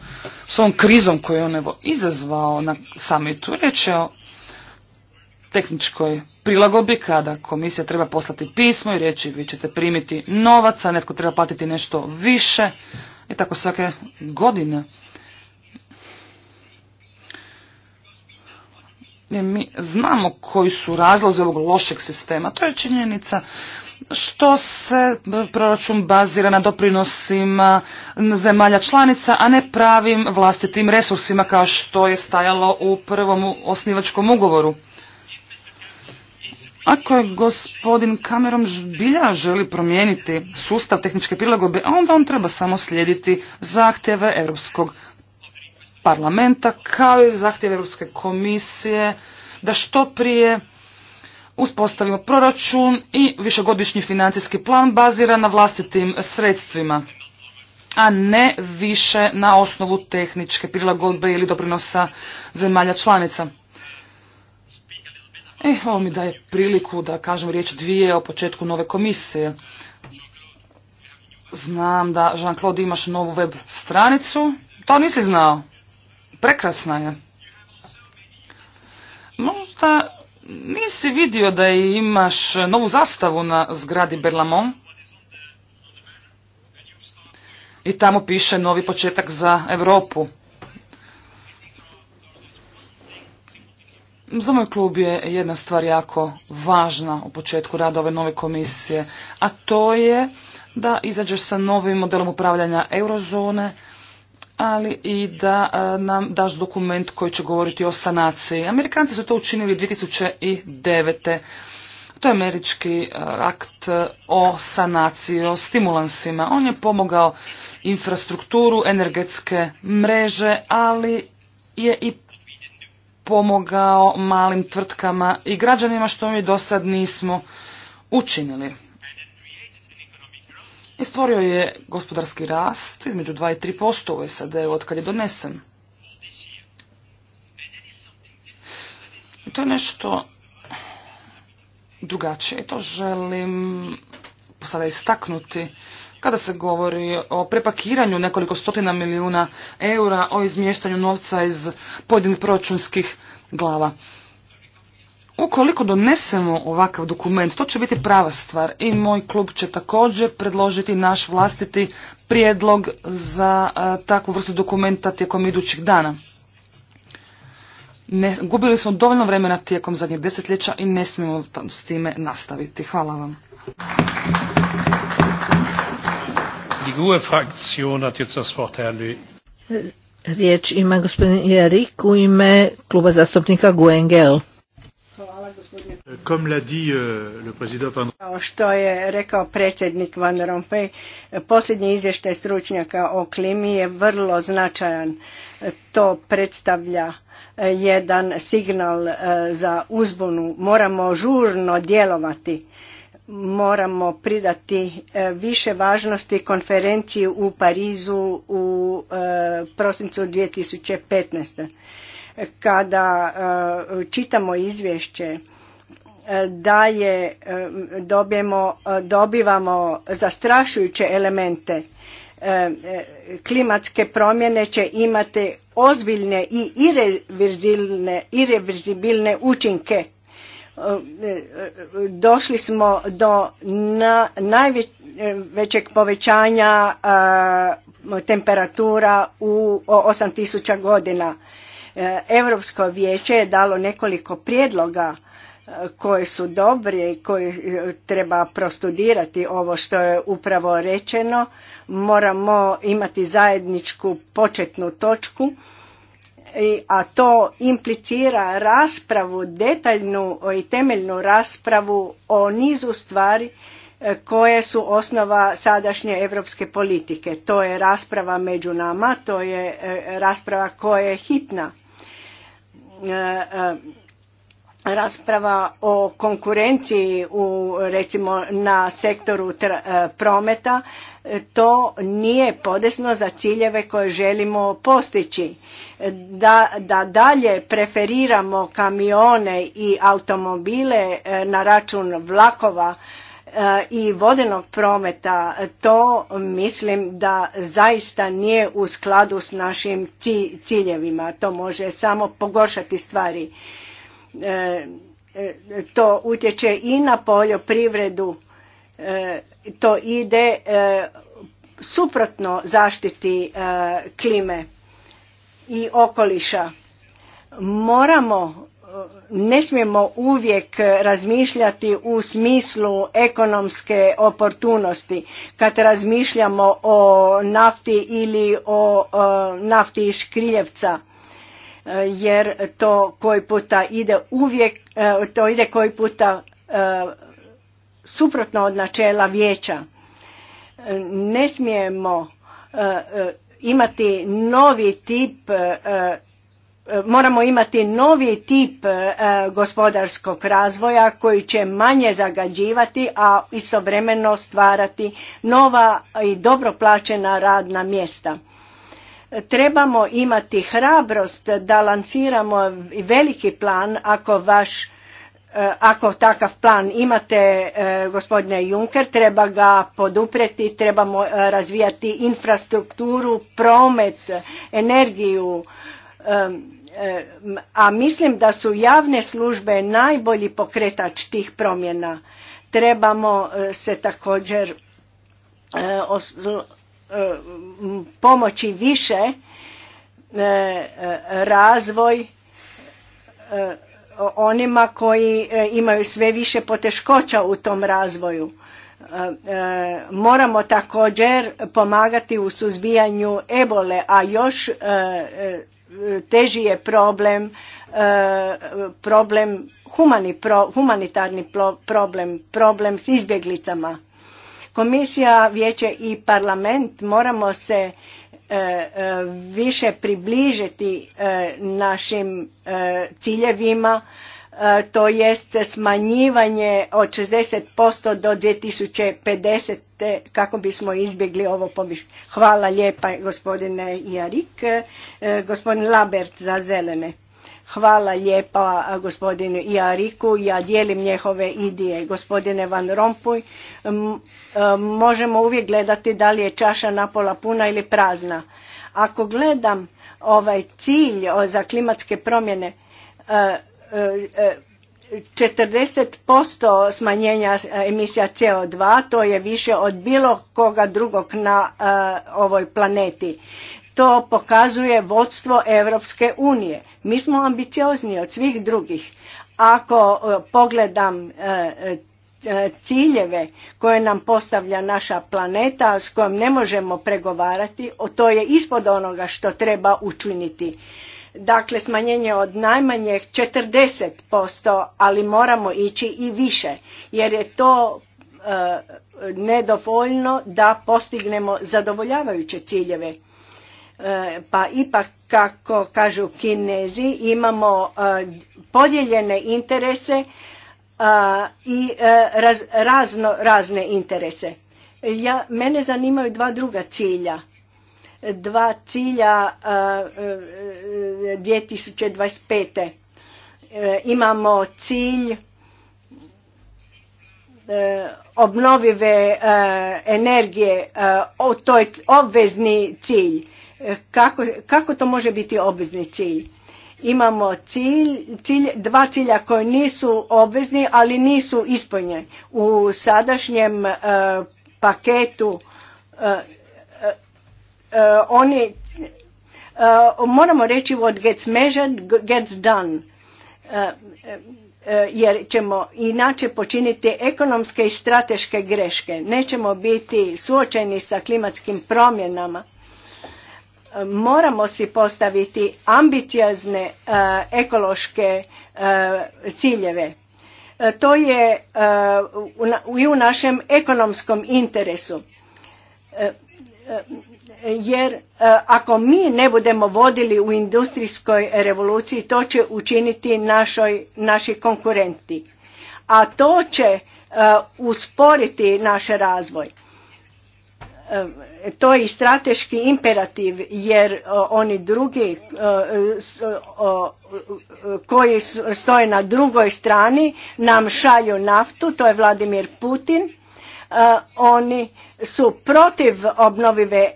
Speaker 1: s ovom krizom koju je on evo izazvao na samitu. Riječ je o tehničkoj prilagodbi kada komisija treba poslati pismo i reći vi ćete primiti novaca netko treba platiti nešto više i tako svake godine. mi znamo koji su razlozi ovog lošeg sistema. To je činjenica što se proračun bazira na doprinosima zemalja članica, a ne pravim vlastitim resursima kao što je stajalo u prvom osnivačkom ugovoru. Ako je gospodin Kamerom Žbilja želi promijeniti sustav tehničke prilagodbe, onda on treba samo slijediti zahtjeve Europskog parlamenta kao i zahtjeve Europske komisije da što prije Uspostavimo proračun i višegodišnji financijski plan baziran na vlastitim sredstvima, a ne više na osnovu tehničke prilagodbe ili doprinosa zemalja članica. E, ovo mi daje priliku da kažem riječ dvije o početku nove komisije. Znam da, Jean-Claude, imaš novu web stranicu. To nisi znao. Prekrasna je. Možda Nisi vidio da imaš novu zastavu na zgradi Berlamon I tamo piše novi početak za Europu. Za moj klub je jedna stvar jako važna u početku rada ove nove komisije, a to je da izađeš sa novim modelom upravljanja eurozone, ali i da e, nam daš dokument koji će govoriti o sanaciji. Amerikanci su to učinili 2009. To je američki e, akt o sanaciji, o stimulansima. On je pomogao infrastrukturu, energetske mreže, ali je i pomogao malim tvrtkama i građanima što mi do sad nismo učinili i stvorio je gospodarski rast između 2 i 3% u sad od kad je donesen. I to je nešto drugačije to želim sada istaknuti kada se govori o prepakiranju nekoliko stotina milijuna eura, o izmještanju novca iz pojedinih proračunskih glava. Ukoliko donesemo ovakav dokument, to će biti prava stvar i moj klub će također predložiti naš vlastiti prijedlog za e, takvu vrstu dokumenta tijekom idućih dana. gubili smo dovoljno vremena tijekom zadnjih desetljeća i ne smijemo s time nastaviti. Hvala vam.
Speaker 2: Riječ ima gospodin Jarik u ime kluba zastupnika Guengel. Eh,
Speaker 3: Kao što je rekao predsjednik Van Rompuy, posljednji izvještaj stručnjaka o klimi je vrlo značajan. To predstavlja eh, jedan signal eh, za uzbunu. Moramo žurno djelovati. Moramo pridati više važnosti konferenciji u Parizu u prosincu 2015 kada čitamo izvješće je dobijemo, dobivamo zastrašujuće elemente. E, klimatske promjene će imati ozbiljne i irreverzibilne, učinke. E, došli smo do najvećeg e, povećanja temperatura u 8000 godina. Europsko vijeće je dalo nekoliko prijedloga koje su dobre i koje treba prostudirati ovo što je upravo rečeno. Moramo imati zajedničku početnu točku, a to implicira raspravu, detaljnu i temeljnu raspravu o nizu stvari e, koje su osnova sadašnje europske politike. To je rasprava među nama, to je e, rasprava koja je hitna e, rasprava o konkurenciji u recimo na sektoru e, prometa e, to nije podesno za ciljeve koje želimo postići da, da dalje preferiramo kamione i automobile e, na račun vlakova i vodenog prometa to mislim da zaista nije u skladu s našim ciljevima to može samo pogoršati stvari E, e, to utječe i na poljoprivredu, e, to ide suprotno zaštiti klime i okoliša. Moramo, ne smijemo uvijek razmišljati u smislu ekonomske oportunosti kad razmišljamo o nafti ili o nafti iz škriljevca jer to koji puta ide uvijek, e, to ide koji puta e, suprotno od načela vijeća. Ne smijemo e, imati novi tip moramo imati novi tip gospodarskog razvoja koji će manje zagađivati a istovremeno stvarati nova i dobro plaćena radna mjesta Trebamo imati hrabrost da lansiramo veliki plan ako vaš e, ako takav plan imate, e, gospodine Juncker, treba ga poduprijeti, trebamo e, razvijati infrastrukturu, promet, energiju, a mislim da su javne službe najbolji pokretač tih promjena. Trebamo se također Eh, pomoći više eh, razvoj eh, onima koji imaju sve više poteškoća u tom razvoju. Moramo također pomagati u suzbijanju ebole, a još teži je problem problem humanitarni problem problem s izbjeglicama Komisija, vijeće i parlament moramo se e, e, više približiti e, našim ciljevima, to jest smanjivanje od 60% do 2050. kako bismo izbjegli ovo pobiš. Hvala lijepa gospodine Jarik, gospodin Labert za zelene. Hvala lijepa gospodinu Iariku, ja dijelim njehove idije. Gospodine Van Rompuj e, možemo uvijek gledati da li je čaša napola puna ili prazna. Ako gledam ovaj cilj za klimatske promjene, 40% e, e, smanjenja emisija CO2, to je više od bilo koga drugog na ovoj planeti to pokazuje vodstvo Europske unije. Mi smo ambiciozni od svih drugih. Ako e, pogledam e, e, ciljeve koje nam postavlja naša planeta s kojom ne možemo pregovarati, to je ispod onoga što treba učiniti. Dakle, smanjenje od najmanje 40%, ali moramo ići i više, jer je to nedovoljno da postignemo zadovoljavajuće ciljeve E, pa ipak kako kažu kinezi imamo e, podijeljene interese e, i razno razne interese. Ja, mene zanimaju dva druga cilja. Dva cilja 2025. Imamo cilj obnovive energije, to je obvezni cilj kako, kako to može biti obvezni cilj? Imamo cilj, dva cilja koji nisu obvezni, ali nisu ispunjeni. U sadašnjem e, paketu e, e, oni moramo reći what gets measured gets done jer ćemo inače počiniti ekonomske i strateške greške. Nećemo biti suočeni sa klimatskim promjenama moramo si postaviti ambiciozne e, ekološke e, ciljeve. E, to je i u našem ekonomskom interesu. Jer ako mi ne budemo vodili u industrijskoj revoluciji, to će učiniti naši konkurenti. A to će usporiti naš razvoj E, to je i strateški imperativ jer e, oni drugi e, koji stoje na drugoj strani nam šalju naftu, to je Vladimir Putin. Oni su protiv obnovive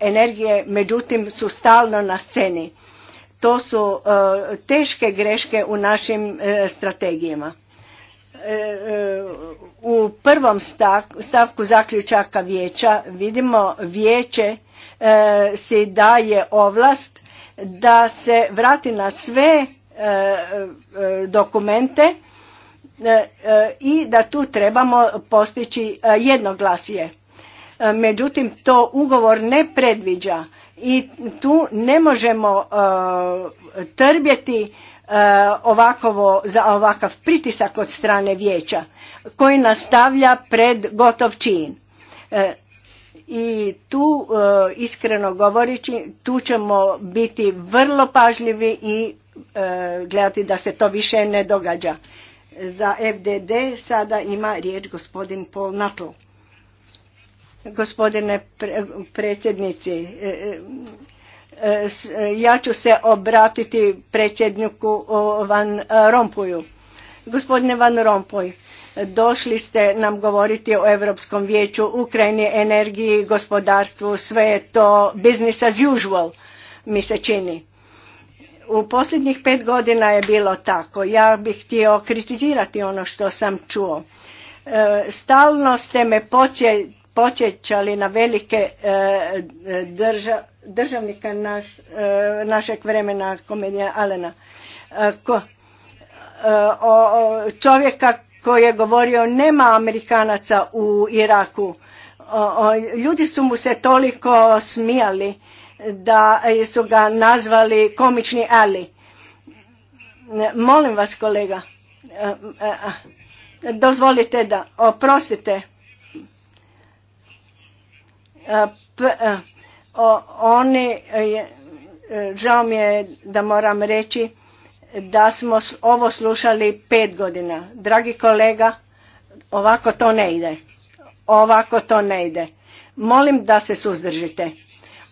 Speaker 3: energije, međutim su stalno na sceni. To su teške greške u našim strategijama. E, e, u prvom stavku zaključaka vijeća vidimo vijeće se daje ovlast da se vrati na sve e, dokumente i da tu trebamo postići jednoglasje. Međutim, to ugovor ne predviđa i tu ne možemo trbjeti E, ovakovo, za ovakav pritisak od strane vijeća koji nastavlja pred gotov čin. E, I tu, e, iskreno govoreći, tu ćemo biti vrlo pažljivi i gledati da se to više ne događa. Za FDD sada ima riječ gospodin Paul Gospodine predsjednici, E, e, ja ću se obratiti predsjedniku Van e, Rompuju. Gospodine Van Rompuj, došli ste nam govoriti o Europskom vijeću, Ukrajini, energiji, gospodarstvu, sve je to business as usual, mi se čini. U posljednjih pet godina je bilo tako. Ja bih htio kritizirati ono što sam čuo. Stalno ste me podsjetili podsjećali na velike e, e, državnika e, našeg vremena komedija Alena. o, čovjeka koji je govorio nema Amerikanaca u Iraku. ljudi su mu se toliko smijali da su ga nazvali komični Ali. Molim vas kolega, dozvolite da, oprostite oni, e, e, žao mi je da moram reći da smo ovo slušali pet godina. Dragi kolega, ovako to ne ide. Ovako to ne ide. Molim da se suzdržite.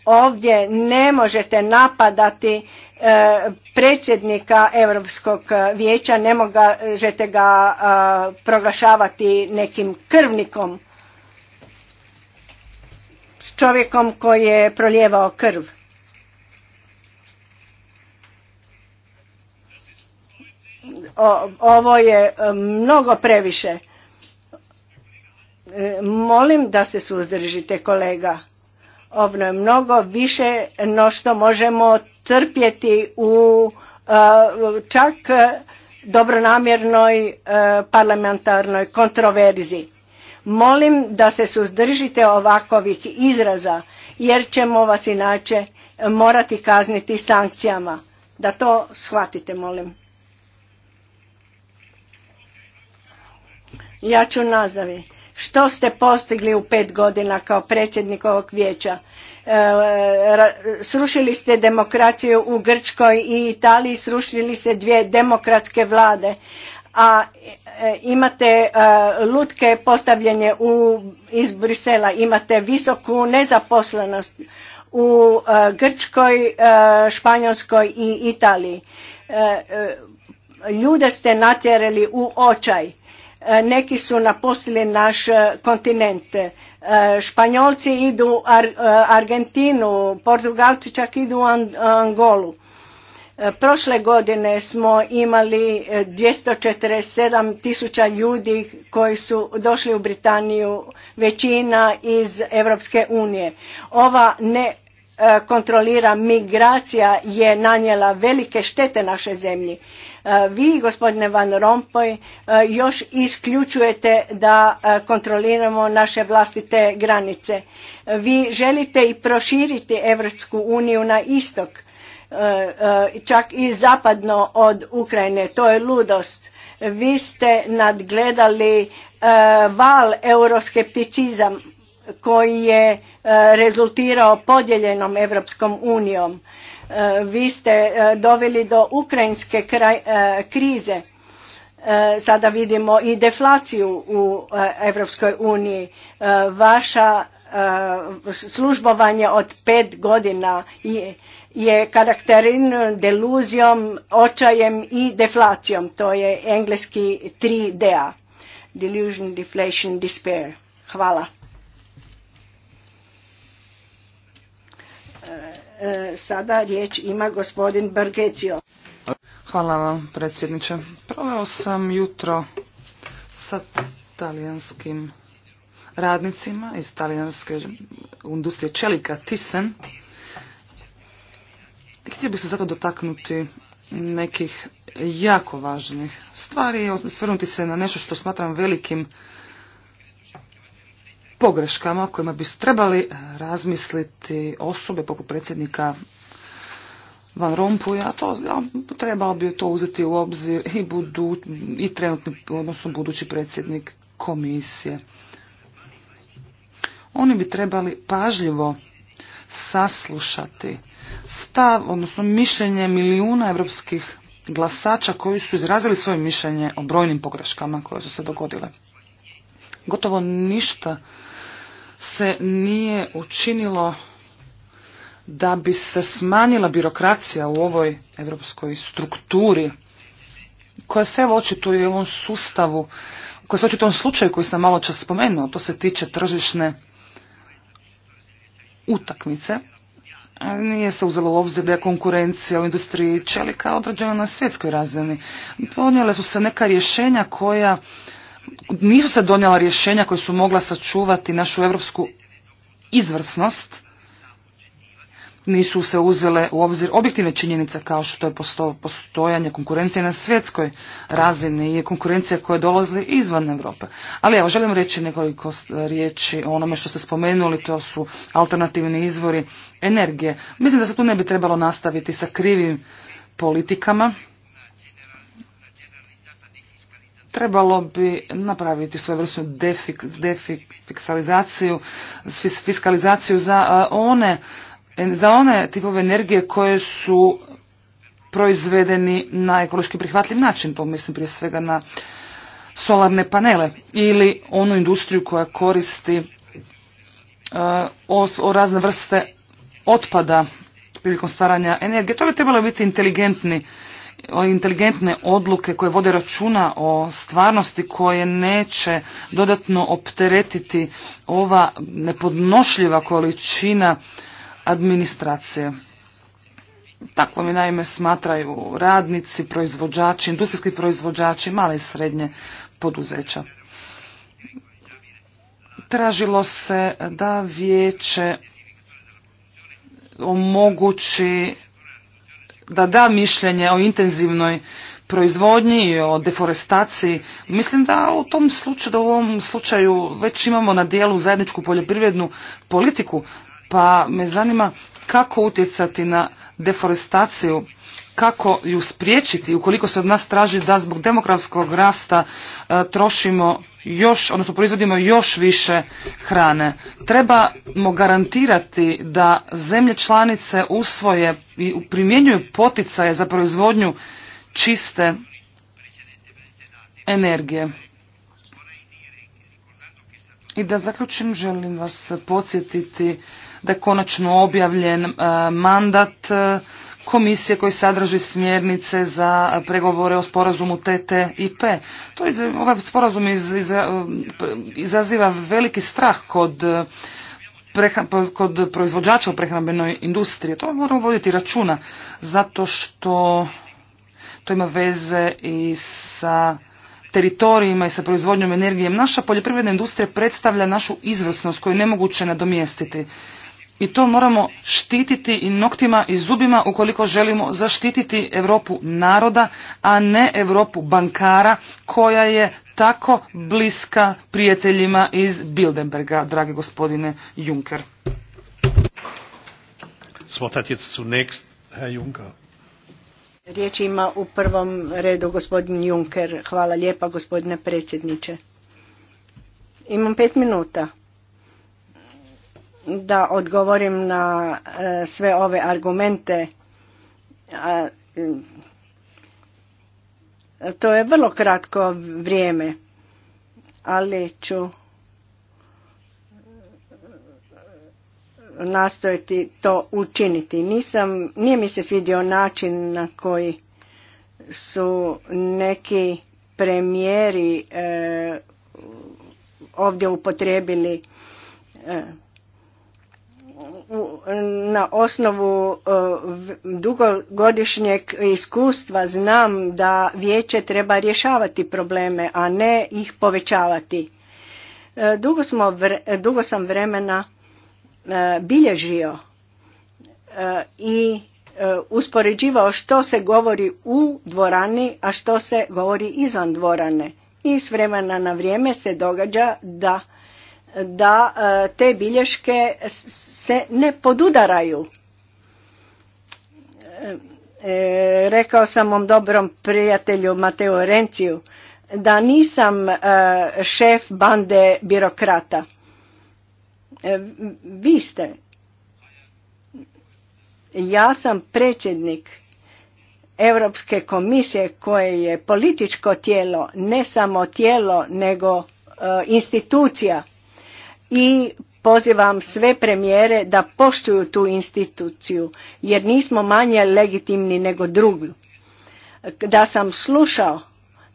Speaker 3: Ovdje ne možete napadati e, predsjednika Europskog vijeća, ne možete ga proglašavati nekim krvnikom s čovjekom koji je proljevao krv. ovo je e, mnogo previše. E, molim da se suzdržite kolega. Ovno je mnogo više no što možemo trpjeti u e, čak dobronamjernoj parlamentarnoj kontroverziji. Molim da se suzdržite ovakvih izraza jer ćemo vas inače morati kazniti sankcijama. Da to shvatite, molim. Ja ću nazdaviti. Što ste postigli u pet godina kao predsjednik ovog vijeća? E, srušili ste demokraciju u Grčkoj i Italiji, srušili ste dvije demokratske vlade a e, imate e, lutke postavljene u, iz Brisela, imate visoku nezaposlenost u e, Grčkoj, Španjolskoj i Italiji. Ljude ste natjerali u očaj. Neki su napustili naš kontinent. Španjolci idu u Argentinu, Portugalci čak idu u Angolu E, prošle godine smo imali 247 e, tisuća ljudi koji su došli u Britaniju, većina iz Europske unije. Ova ne e, kontrolira migracija je nanijela velike štete našoj zemlji. Vi, gospodine Van Rompuy, još isključujete da kontroliramo naše vlastite granice. Vi želite i proširiti Evropsku uniju na istok E, čak i zapadno od Ukrajine. To je ludost. Vi ste nadgledali e, val euroskepticizam koji je e, rezultirao podijeljenom Evropskom unijom. Vi ste doveli do ukrajinske krize. Sada vidimo i deflaciju u Evropskoj uniji. Vaša službovanje od pet godina je je karakterin eh, deluzijom, očajem i deflacijom. To je engleski 3D-a. Delusion, deflation, despair. Hvala. Eh, eh, sada riječ ima gospodin Bergecio.
Speaker 1: Hvala vam, predsjedniče. Proveo sam jutro sa talijanskim radnicima iz talijanske industrije čelika Tisen Htio bih se zato dotaknuti nekih jako važnih stvari i osvrnuti se na nešto što smatram velikim pogreškama kojima bi trebali razmisliti osobe poput predsjednika Van Rompuja, to, trebao bi to uzeti u obzir i, budu, i trenutni, odnosno budući predsjednik komisije. Oni bi trebali pažljivo saslušati stav, odnosno mišljenje milijuna europskih glasača koji su izrazili svoje mišljenje o brojnim pogreškama koje su se dogodile. Gotovo ništa se nije učinilo da bi se smanjila birokracija u ovoj europskoj strukturi koja se evo očituje u ovom sustavu, koja se očituje u ovom slučaju koji sam malo čas spomenuo, to se tiče tržišne utakmice nije se uzelo u obzir da je konkurencija u industriji čelika određena na svjetskoj razini. Donijele su se neka rješenja koja, nisu se donijela rješenja koja su mogla sačuvati našu europsku izvrsnost, nisu se uzele u obzir objektivne činjenice kao što je postojanje konkurencije na svjetskoj razini i konkurencija koja dolazi izvan Europe. Ali evo, želim reći nekoliko riječi o onome što ste spomenuli, to su alternativni izvori energije. Mislim da se tu ne bi trebalo nastaviti sa krivim politikama. Trebalo bi napraviti svojevrsnu defiksalizaciju, fiskalizaciju za one E, za one tipove energije koje su proizvedeni na ekološki prihvatljiv način, to mislim prije svega na solarne panele ili onu industriju koja koristi e, o, razne vrste otpada prilikom stvaranja energije. To bi trebalo biti inteligentni inteligentne odluke koje vode računa o stvarnosti koje neće dodatno opteretiti ova nepodnošljiva količina administracije. Tako mi naime smatraju radnici, proizvođači, industrijski proizvođači, male i srednje poduzeća. Tražilo se da vijeće omogući da da mišljenje o intenzivnoj proizvodnji i o deforestaciji. Mislim da u tom slučaju, da u ovom slučaju već imamo na dijelu zajedničku poljoprivrednu politiku, pa me zanima kako utjecati na deforestaciju, kako ju spriječiti ukoliko se od nas traži da zbog demografskog rasta e, trošimo još, odnosno proizvodimo još više hrane. Trebamo garantirati da zemlje članice usvoje i primjenjuju poticaje za proizvodnju čiste energije. I da zaključim, želim vas podsjetiti da je konačno objavljen e, mandat e, komisije koji sadrži smjernice za pregovore o sporazumu TTIP. To ovaj sporazum iz, e, izaziva veliki strah kod kod proizvođača u prehrambenoj industriji. To moramo voditi računa zato što to ima veze i sa teritorijima i sa proizvodnjom energije. Naša poljoprivredna industrija predstavlja našu izvrsnost koju je nemoguće nadomjestiti i to moramo štititi i noktima i zubima ukoliko želimo zaštititi Europu naroda, a ne Europu bankara koja je tako bliska prijateljima iz Bildenberga, dragi gospodine Juncker.
Speaker 3: Riječ ima u prvom redu gospodin Juncker. Hvala lijepa gospodine predsjedniče. Imam pet minuta da odgovorim na e, sve ove argumente. E, to je vrlo kratko vrijeme, ali ću e, nastojati to učiniti. Nisam, nije mi se svidio način na koji su neki premijeri ovdje upotrijebili na osnovu e, dugogodišnjeg iskustva znam da vijeće treba rješavati probleme, a ne ih povećavati. E, dugo, smo dugo sam vremena e, bilježio i uspoređivao što se govori u dvorani, a što se govori izvan dvorane. I s vremena na vrijeme se događa da da e, te bilješke se ne podudaraju. E, e, rekao sam mom dobrom prijatelju Mateo Renciju da nisam šef bande birokrata. vi ste. Ja sam predsjednik Europske komisije koje je političko tijelo, ne samo tijelo nego institucija i pozivam sve premijere da poštuju tu instituciju jer nismo manje legitimni nego drugi. Da sam slušao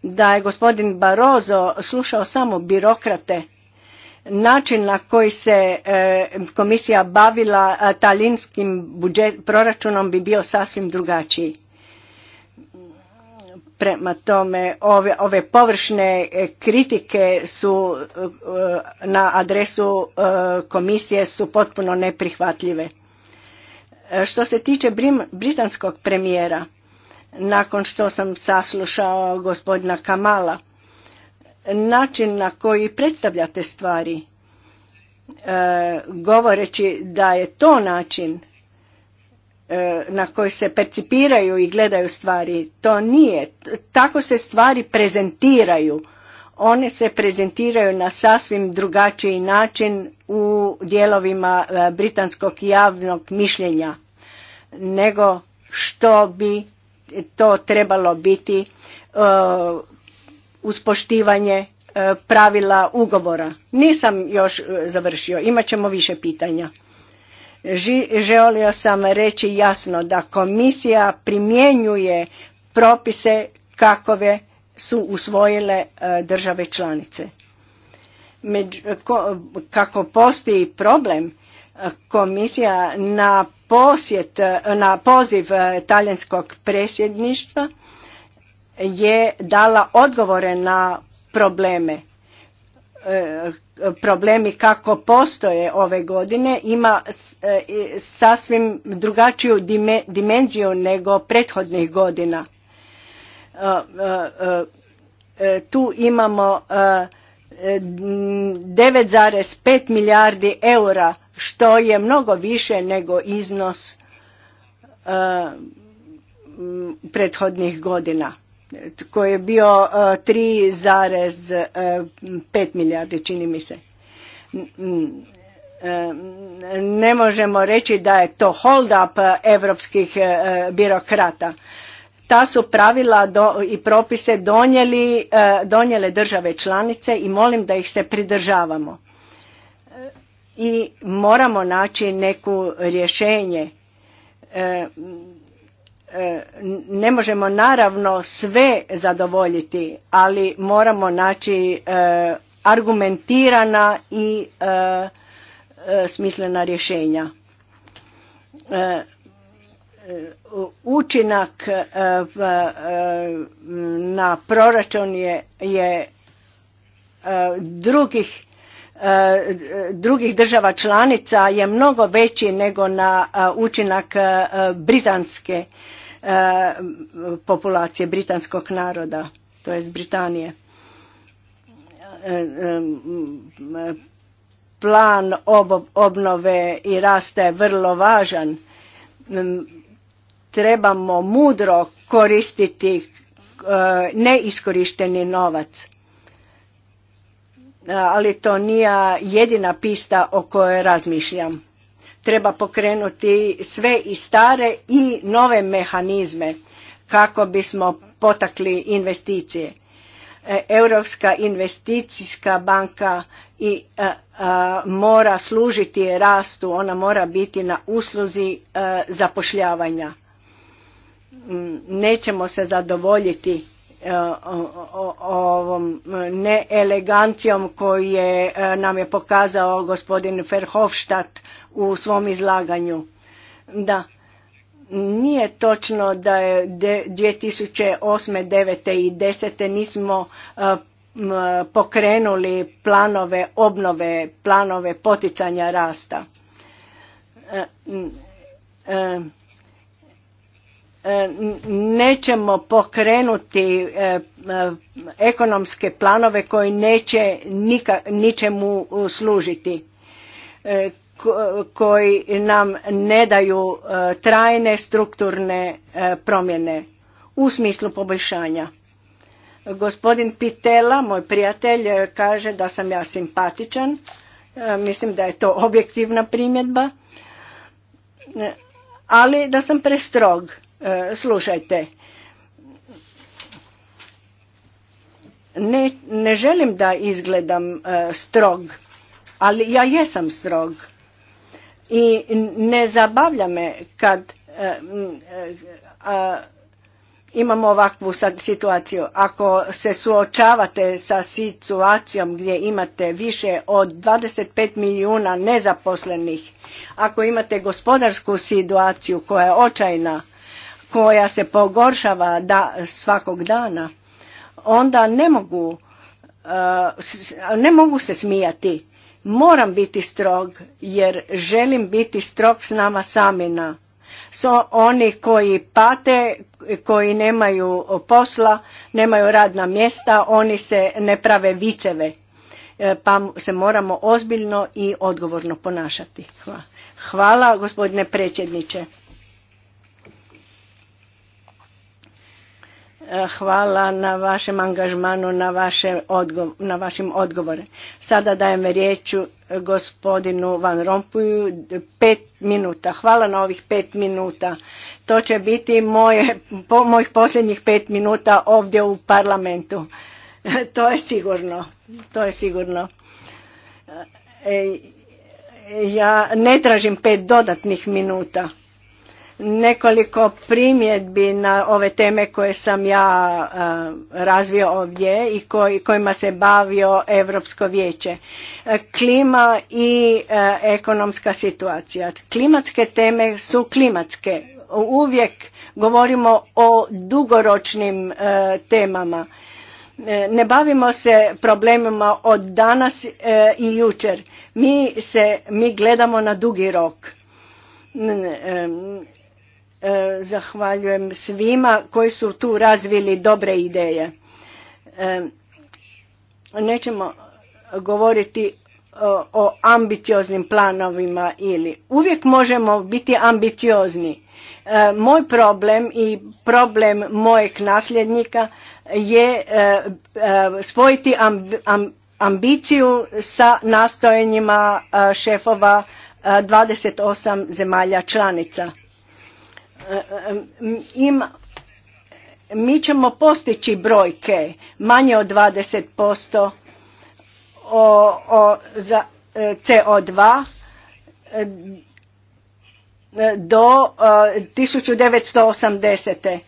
Speaker 3: da je gospodin Barozo slušao samo birokrate, način na koji se e, komisija bavila e, talinskim proračunom bi bio sasvim drugačiji. Prema tome, ove, ove površne e, kritike su e, na adresu e, komisije su potpuno neprihvatljive. Što se tiče britanskog premijera, nakon što sam saslušao gospodina Kamala, način na koji predstavljate stvari, govoreći da je to način E, na koji se percipiraju i gledaju stvari. To nije. Tako se stvari prezentiraju. One se prezentiraju na sasvim drugačiji način u dijelovima e, britanskog javnog mišljenja nego što bi to trebalo biti uh, uz pravila ugovora. Nisam još završio, imat ćemo više pitanja. Želio sam reći jasno da komisija primjenjuje propise kakove su usvojile e, države članice. kako postoji problem, e, komisija na, e, na poziv talijanskog predsjedništva je dala odgovore na probleme E, problemi kako postoje ove godine ima e, sasvim drugačiju dimenziju nego prethodnih godina. E, tu imamo 9,5 milijardi eura što je mnogo više nego iznos prethodnih godina koji je bio 3,5 e, e, milijardi čini mi se. E, ne možemo reći da je to hold up evropskih birokrata. Ta su pravila i propise donijeli, donijele države članice i molim da ih se pridržavamo. I moramo naći neku rješenje E, ne možemo naravno sve zadovoljiti, ali moramo naći e, argumentirana i e, smislena rješenja. Učinak na proračun je drugih Eh, drugih država članica je mnogo veći nego na eh, učinak eh, britanske populacije, britanskog naroda, to je Britanije. Plan obnove i rasta je vrlo važan. Mm, trebamo mudro koristiti neiskorišteni novac ali to nije jedina pista o kojoj razmišljam. Treba pokrenuti sve i stare i nove mehanizme kako bismo potakli investicije. E, Europska investicijska banka i e, e, mora služiti rastu, ona mora biti na usluzi zapošljavanja. Mm, nećemo se zadovoljiti E, ovom neelegancijom koji je, e, nam je pokazao gospodin Verhofstadt u svom izlaganju. Da, nije točno da je 2008. 9. i 10. nismo e, pokrenuli planove obnove, planove poticanja rasta. E, nećemo pokrenuti e, e, ekonomske planove koji neće ničemu služiti koji nam ne daju trajne strukturne promjene u smislu poboljšanja. Gospodin Pitela, moj prijatelj, kaže da sam ja simpatičan. Mislim da je to objektivna primjedba. Ali da sam prestrog. E, slušajte, ne, ne želim da izgledam e, strog, ali ja jesam strog i ne zabavlja me kad e, imamo ovakvu situaciju. Ako se suočavate sa situacijom gdje imate više od 25 milijuna nezaposlenih, ako imate gospodarsku situaciju koja je očajna, koja se pogoršava da svakog dana onda ne mogu uh, ne mogu se smijati moram biti strog jer želim biti strog s nama samina so oni koji pate koji nemaju posla nemaju radna mjesta oni se ne prave viceve e, pa se moramo ozbiljno i odgovorno ponašati hvala, hvala gospodine predsjedniče Hvala na vašem angažmanu, na, vaše odgo na vašim odgovore. Sada dajem riječ e, gospodinu Van Rompuju pet minuta. Hvala na ovih pet minuta. To će biti moje, po, mojih posljednjih pet minuta ovdje u parlamentu. to je sigurno. To je sigurno. E, ja ne tražim pet dodatnih minuta nekoliko primjedbi na ove teme koje sam ja e, razvio ovdje i kojima se bavio Europsko vijeće. E, klima i e, ekonomska situacija. Klimatske teme su klimatske. Uvijek govorimo o dugoročnim temama. Ne bavimo se problemima od danas i jučer. Mi se mi gledamo na dugi rok E, zahvaljujem svima koji su tu razvili dobre ideje. E, nećemo govoriti o ambicioznim planovima ili uvijek možemo biti ambiciozni. E, moj problem i problem mojeg nasljednika je spojiti ambiciju sa nastojenjima šefova 28 zemalja članica. Eh, Ima, mi ćemo postići brojke manje od 20% o, o, za eh, CO2 eh, do 1980.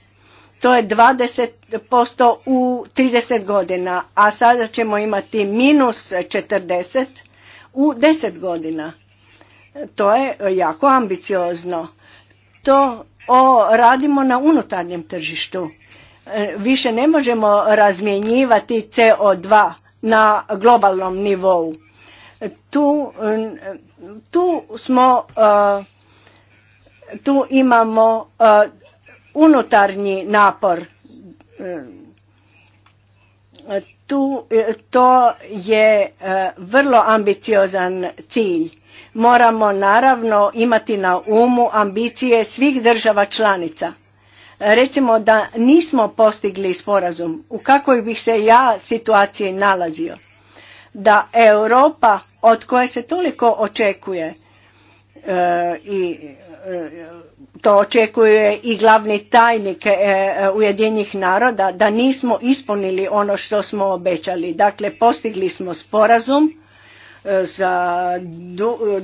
Speaker 3: To je 20% u 30 godina, a sada ćemo imati minus 40 u 10 godina. To je jako ambiciozno. To o, radimo na unutarnjem tržištu. E, više ne možemo razmjenjivati CO2 na globalnom nivou. Tu, tu smo, e, tu imamo e, unutarnji napor. Tu, to je vrlo ambiciozan cilj Moramo naravno imati na umu ambicije svih država članica. Recimo da nismo postigli sporazum, u kakvoj bih se ja situaciji nalazio. Da Europa od koje se toliko očekuje e, i e, to očekuje i glavni tajnik e, Ujedinjenih naroda da nismo ispunili ono što smo obećali. Dakle, postigli smo sporazum E, za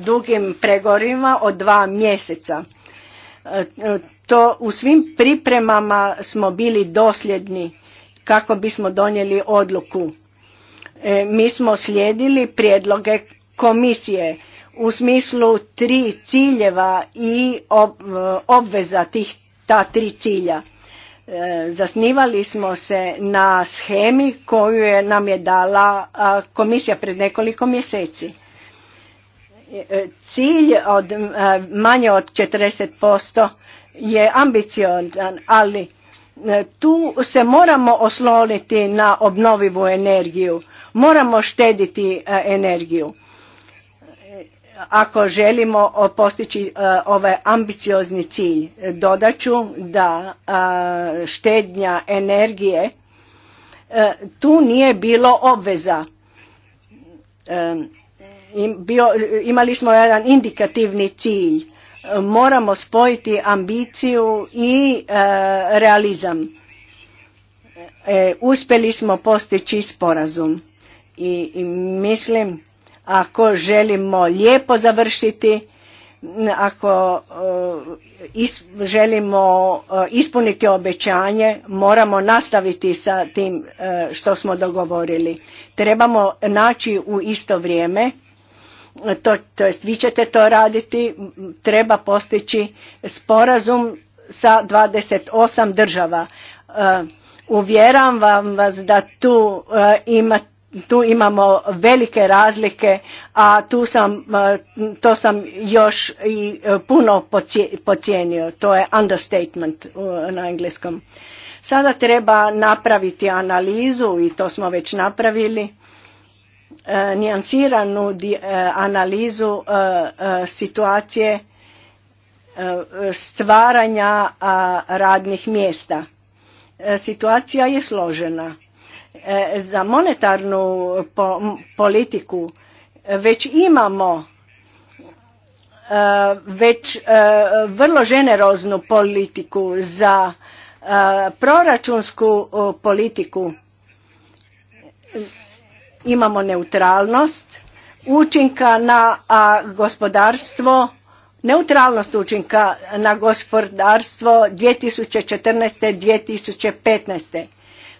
Speaker 3: dugim pregorima od dva mjeseca. E, to u svim pripremama smo bili dosljedni kako bismo donijeli odluku. E, mi smo slijedili prijedloge komisije u smislu tri ciljeva i obveza tih ta tri cilja E, zasnivali smo se na schemi koju je nam je dala komisija pred nekoliko mjeseci. E, e, cilj od manje od 40% je ambiciozan, ali tu se moramo osloniti na obnovivu energiju, moramo štediti energiju ako želimo postići e, ovaj ambiciozni cilj, dodat ću da štednja energije e, tu nije bilo obveza. E, imali smo jedan indikativni cilj. Moramo spojiti ambiciju i realizam. Uspjeli smo postići sporazum i mislim ako želimo lijepo završiti, ako e, želimo e, ispuniti obećanje, moramo nastaviti sa tim e, što smo dogovorili. Trebamo naći u isto vrijeme, to, jest vi ćete to raditi, treba postići sporazum sa 28 država. Uvjeram vam vas da tu imate tu imamo velike razlike, a tu sam, to sam još i e, puno pocijenio. To je understatement na engleskom. Sada treba napraviti analizu i to smo već napravili, e, nijansiranu e, analizu situacije stvaranja radnih mjesta. Situacija je složena E, za monetarnu politiku već imamo e, već e, vrlo ženeroznu politiku za proračunsku politiku imamo neutralnost učinka na gospodarstvo neutralnost učinka na gospodarstvo 2014. 2015.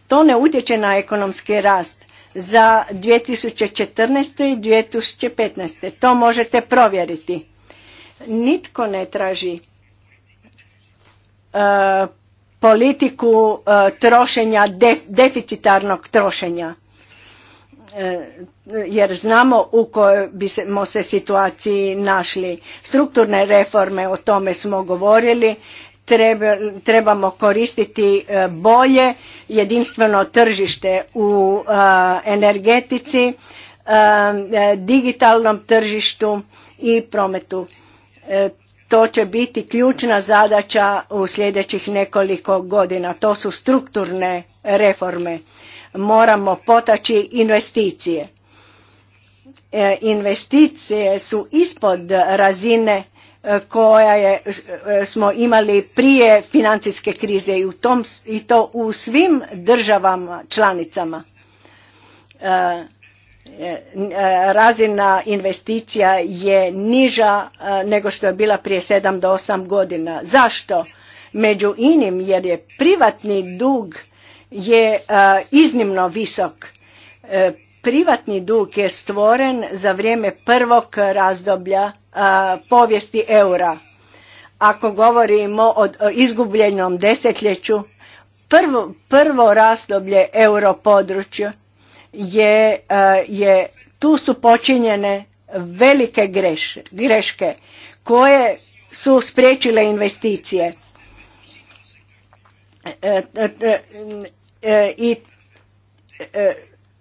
Speaker 3: To ne utječe na ekonomski rast za 2014. i 2015. To možete provjeriti. Nitko ne traži e, politiku e, trošenja, deficitarnog trošenja. E, jer znamo u kojoj bi se situaciji našli. Strukturne reforme, o tome smo govorili, trebamo koristiti e, bolje jedinstveno tržište u e, energetici, e, digitalnom tržištu i prometu. To će biti ključna zadaća u sljedećih nekoliko godina. To su strukturne reforme. Moramo potaći investicije. Investicije su ispod razine koja je, e, smo imali prije financijske krize i, u tom, i to u svim državama članicama. E, e, razina investicija je niža nego što je bila prije 7 do 8 godina. Zašto? Među inim jer je privatni dug je iznimno visok privatni dug je stvoren za vrijeme prvog razdoblja povijesti eura. Ako govorimo o, izgubljenom desetljeću, prvo, prvo razdoblje europodručja je, je, tu su počinjene velike greš, greške koje su spriječile investicije. E, e, e, I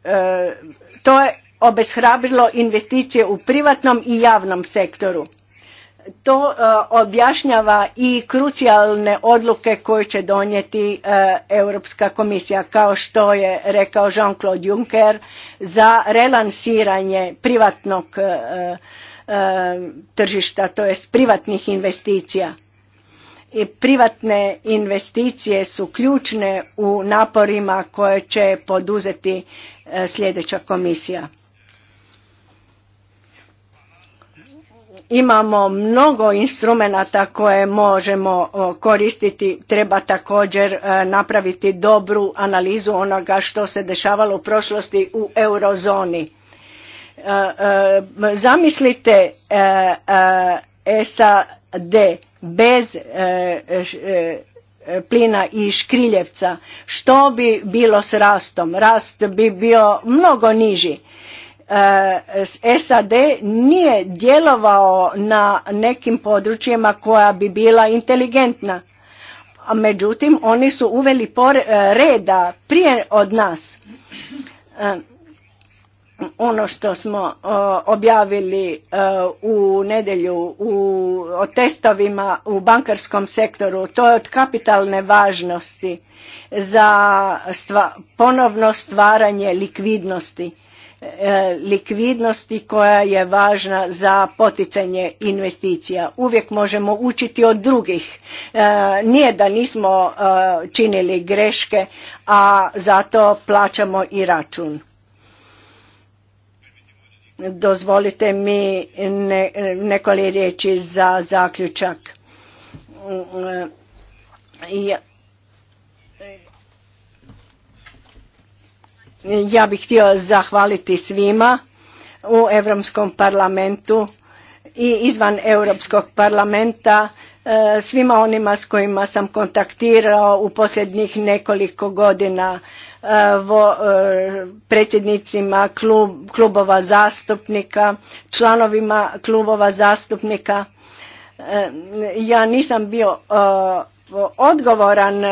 Speaker 3: E, to je obeshrabrilo investicije u privatnom i javnom sektoru. To e, objašnjava i krucijalne odluke koje će donijeti e, Europska komisija, kao što je rekao Jean-Claude Juncker, za relansiranje privatnog tržišta, to je privatnih investicija privatne investicije su ključne u naporima koje će poduzeti e, sljedeća komisija. Imamo mnogo instrumenata koje možemo koristiti, treba također e, napraviti dobru analizu onoga što se dešavalo u prošlosti u eurozoni. E, zamislite sa d bez e, e, plina i škriljevca što bi bilo s rastom rast bi bio mnogo niži e, SAD nije djelovao na nekim područjima koja bi bila inteligentna međutim oni su uveli reda prije od nas ono što smo objavili e, u nedjelju u o testovima u bankarskom sektoru to je od kapitalne važnosti za ponovno stvaranje likvidnosti e, likvidnosti koja je važna za poticanje investicija. Uvijek možemo učiti od drugih. E, nije da nismo činili greške, a zato plaćamo i račun. Dozvolite mi ne, nekoliko riječi za zaključak. Ja, ja bih htio zahvaliti svima u Europskom parlamentu i izvan Europskog parlamenta e, svima onima s kojima sam kontaktirao u posljednjih nekoliko godina E, predsjednicima klubova zastupnika, članovima klubova zastupnika. E, ja nisam bio e, odgovoran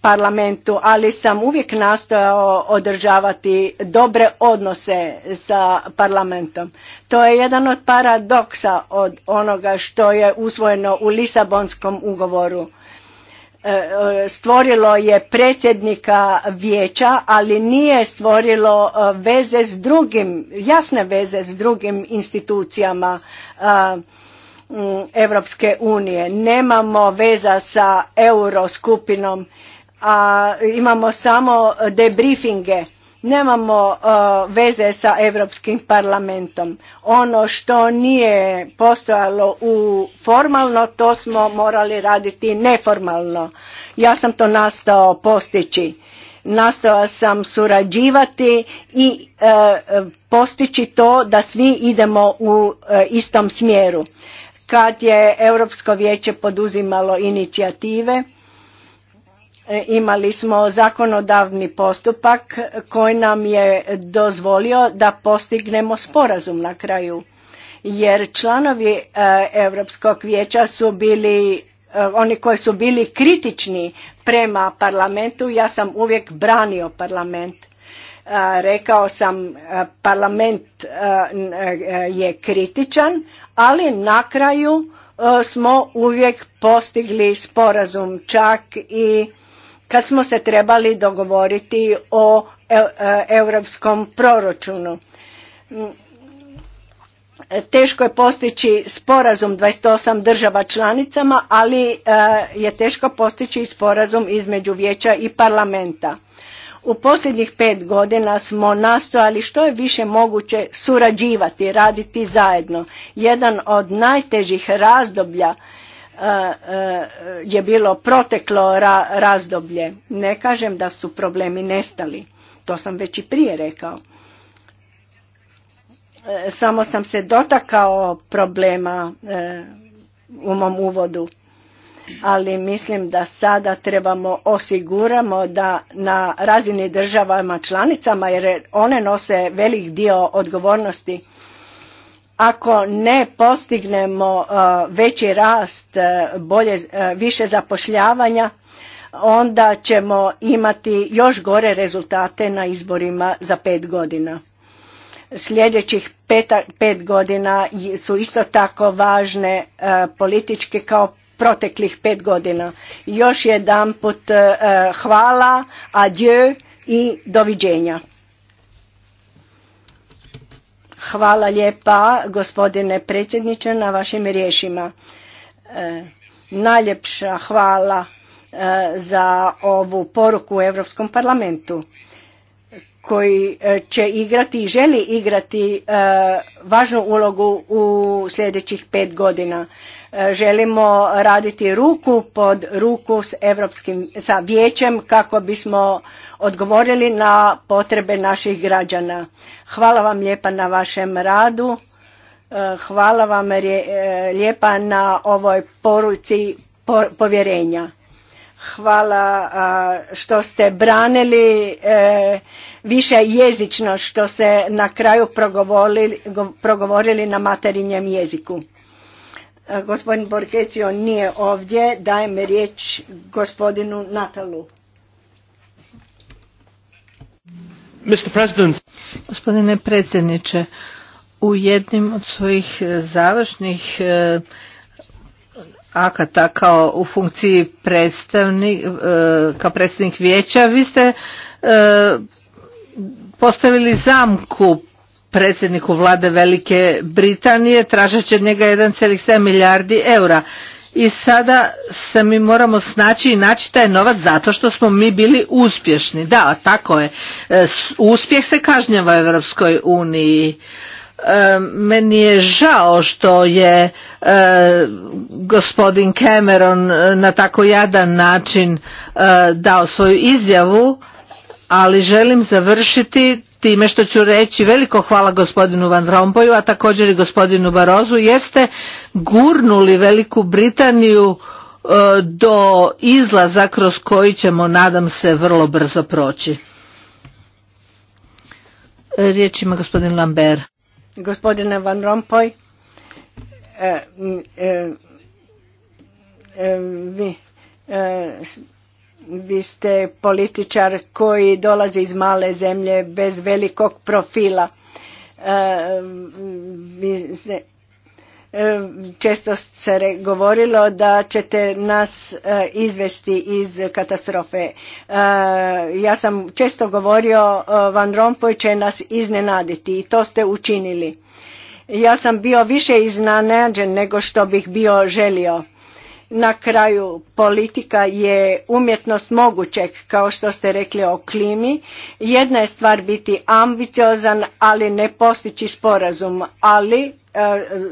Speaker 3: parlamentu, ali sam uvijek nastojao održavati dobre odnose sa parlamentom. To je jedan od paradoksa od onoga što je usvojeno u Lisabonskom ugovoru E, e, stvorilo je predsjednika vijeća, ali nije stvorilo e, veze s drugim, jasne veze s drugim institucijama Europske mm, unije. Nemamo veza sa euroskupinom, a imamo samo debriefinge nemamo uh, veze sa Europskim parlamentom. Ono što nije postojalo u formalno, to smo morali raditi neformalno. Ja sam to nastao postići. Nastao sam surađivati i uh, postići to da svi idemo u uh, istom smjeru. Kad je Europsko vijeće poduzimalo inicijative, E, imali smo zakonodavni postupak koji nam je dozvolio da postignemo sporazum na kraju jer članovi e, Europskog vijeća su bili e, oni koji su bili kritični prema parlamentu ja sam uvijek branio parlament rekao sam parlament je kritičan ali na kraju smo uvijek postigli sporazum čak i kad smo se trebali dogovoriti o e, e, europskom proračunu. Mm, teško je postići sporazum 28 država članicama, ali e, je teško postići sporazum između vijeća i parlamenta. U posljednjih pet godina smo nastojali što je više moguće surađivati, raditi zajedno. Jedan od najtežih razdoblja E, e, je bilo proteklo razdoblje. Ne kažem da su problemi nestali, to sam već i prije rekao. E, samo sam se dotakao problema u mom uvodu, ali mislim da sada trebamo osiguramo da na razini državama članicama, jer one nose velik dio odgovornosti, ako ne postignemo uh, veći rast, uh, bolje, uh, više zapošljavanja, onda ćemo imati još gore rezultate na izborima za pet godina. Sljedećih pet godina su isto tako važne političke kao proteklih pet godina. Još jedan put hvala, adieu i doviđenja. Hvala lijepa gospodine predsjedniče na vašim riješima. E, najljepša hvala e, za ovu poruku u Europskom parlamentu koji e, će igrati i želi igrati važnu ulogu u sljedećih pet godina. želimo raditi ruku pod ruku s sa vijećem kako bismo odgovorili na potrebe naših građana. Hvala vam lijepa na vašem radu, e, hvala vam e, lijepa na ovoj poruci povjerenja. Hvala što ste branili e, više jezično što se na kraju progovorili na materinjem jeziku. Gospodin Borkecio nije ovdje, dajem riječ gospodinu Natalu.
Speaker 2: Gospodine predsjedniče, u jednim od svojih e, završnih e, akata kao u funkciji e, predstavnik, kao predsjednik vijeća, vi ste postavili zamku predsjedniku vlade Velike Britanije tražeći od njega 1,7 milijardi eura i sada se mi moramo snaći i naći taj novac zato što smo mi bili uspješni. Da, tako je. E, uspjeh se kažnjava u Europskoj uniji. E, meni je žao što je e, gospodin Cameron na tako jadan način dao svoju izjavu, ali želim završiti time što ću reći veliko hvala gospodinu Van Rompoju, a također i gospodinu Barozu, jeste gurnuli Veliku Britaniju e, do izlaza kroz koji ćemo, nadam se, vrlo brzo proći. Riječ ima gospodin Lambert. Gospodine Van
Speaker 3: e, e, vi vi ste političar koji dolazi iz male zemlje bez velikog profila. E, e, često se govorilo da ćete nas e, izvesti iz katastrofe. Ja sam često govorio Van Rompuy će nas iznenaditi i to ste učinili. Ja sam bio više iznenađen nego što bih bio želio na kraju politika je umjetnost mogućeg, kao što ste rekli o klimi. Jedna je stvar biti ambiciozan, ali ne postići sporazum, ali e,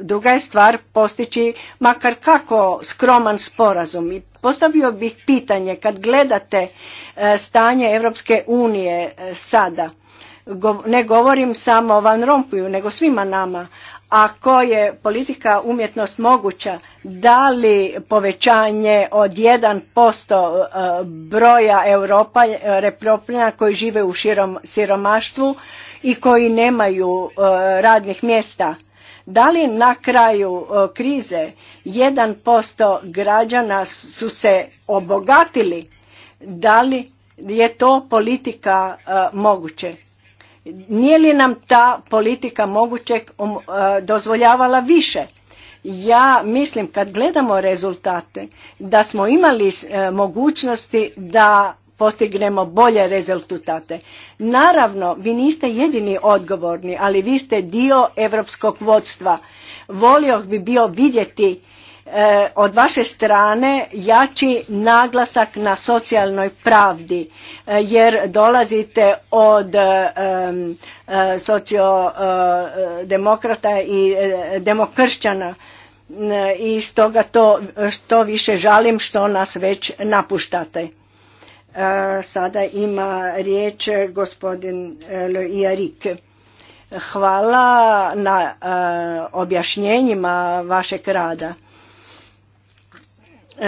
Speaker 3: druga je stvar postići makar kako skroman sporazum. I postavio bih pitanje, kad gledate e, stanje Europske unije e, sada, ne govorim samo o Van Rompuju, nego svima nama, ako je politika umjetnost moguća, da li povećanje od 1% e, broja Europa, repropljena koji žive u širom siromaštvu i koji nemaju e, radnih mjesta, da li na kraju e, krize 1% građana su se obogatili, da li je to politika moguće? Nije li nam ta politika mogućeg um, uh, dozvoljavala više? Ja mislim kad gledamo rezultate da smo imali uh, mogućnosti da postignemo bolje rezultate. Naravno, vi niste jedini odgovorni, ali vi ste dio europskog vodstva. Volio bi bio vidjeti E, od vaše strane jači naglasak na socijalnoj pravdi e, jer dolazite od e, sociodemokrata i demokršćana i stoga to što više žalim što nas već napuštate. Sada ima riječ gospodin Iarik. Hvala na objašnjenjima vašeg rada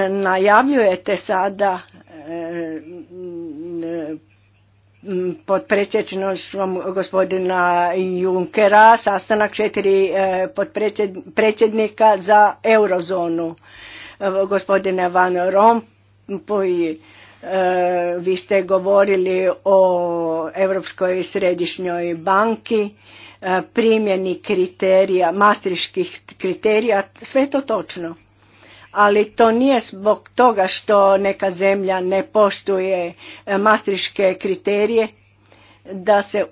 Speaker 3: najavljujete sada e, pod gospodina Junkera sastanak četiri e, predsjednika za eurozonu. E, gospodine Van Rompuy, vi ste govorili o Europskoj središnjoj banki, primjeni kriterija, mastriških kriterija, sve je to točno ali to nije zbog toga što neka zemlja ne poštuje e, mastriške kriterije da se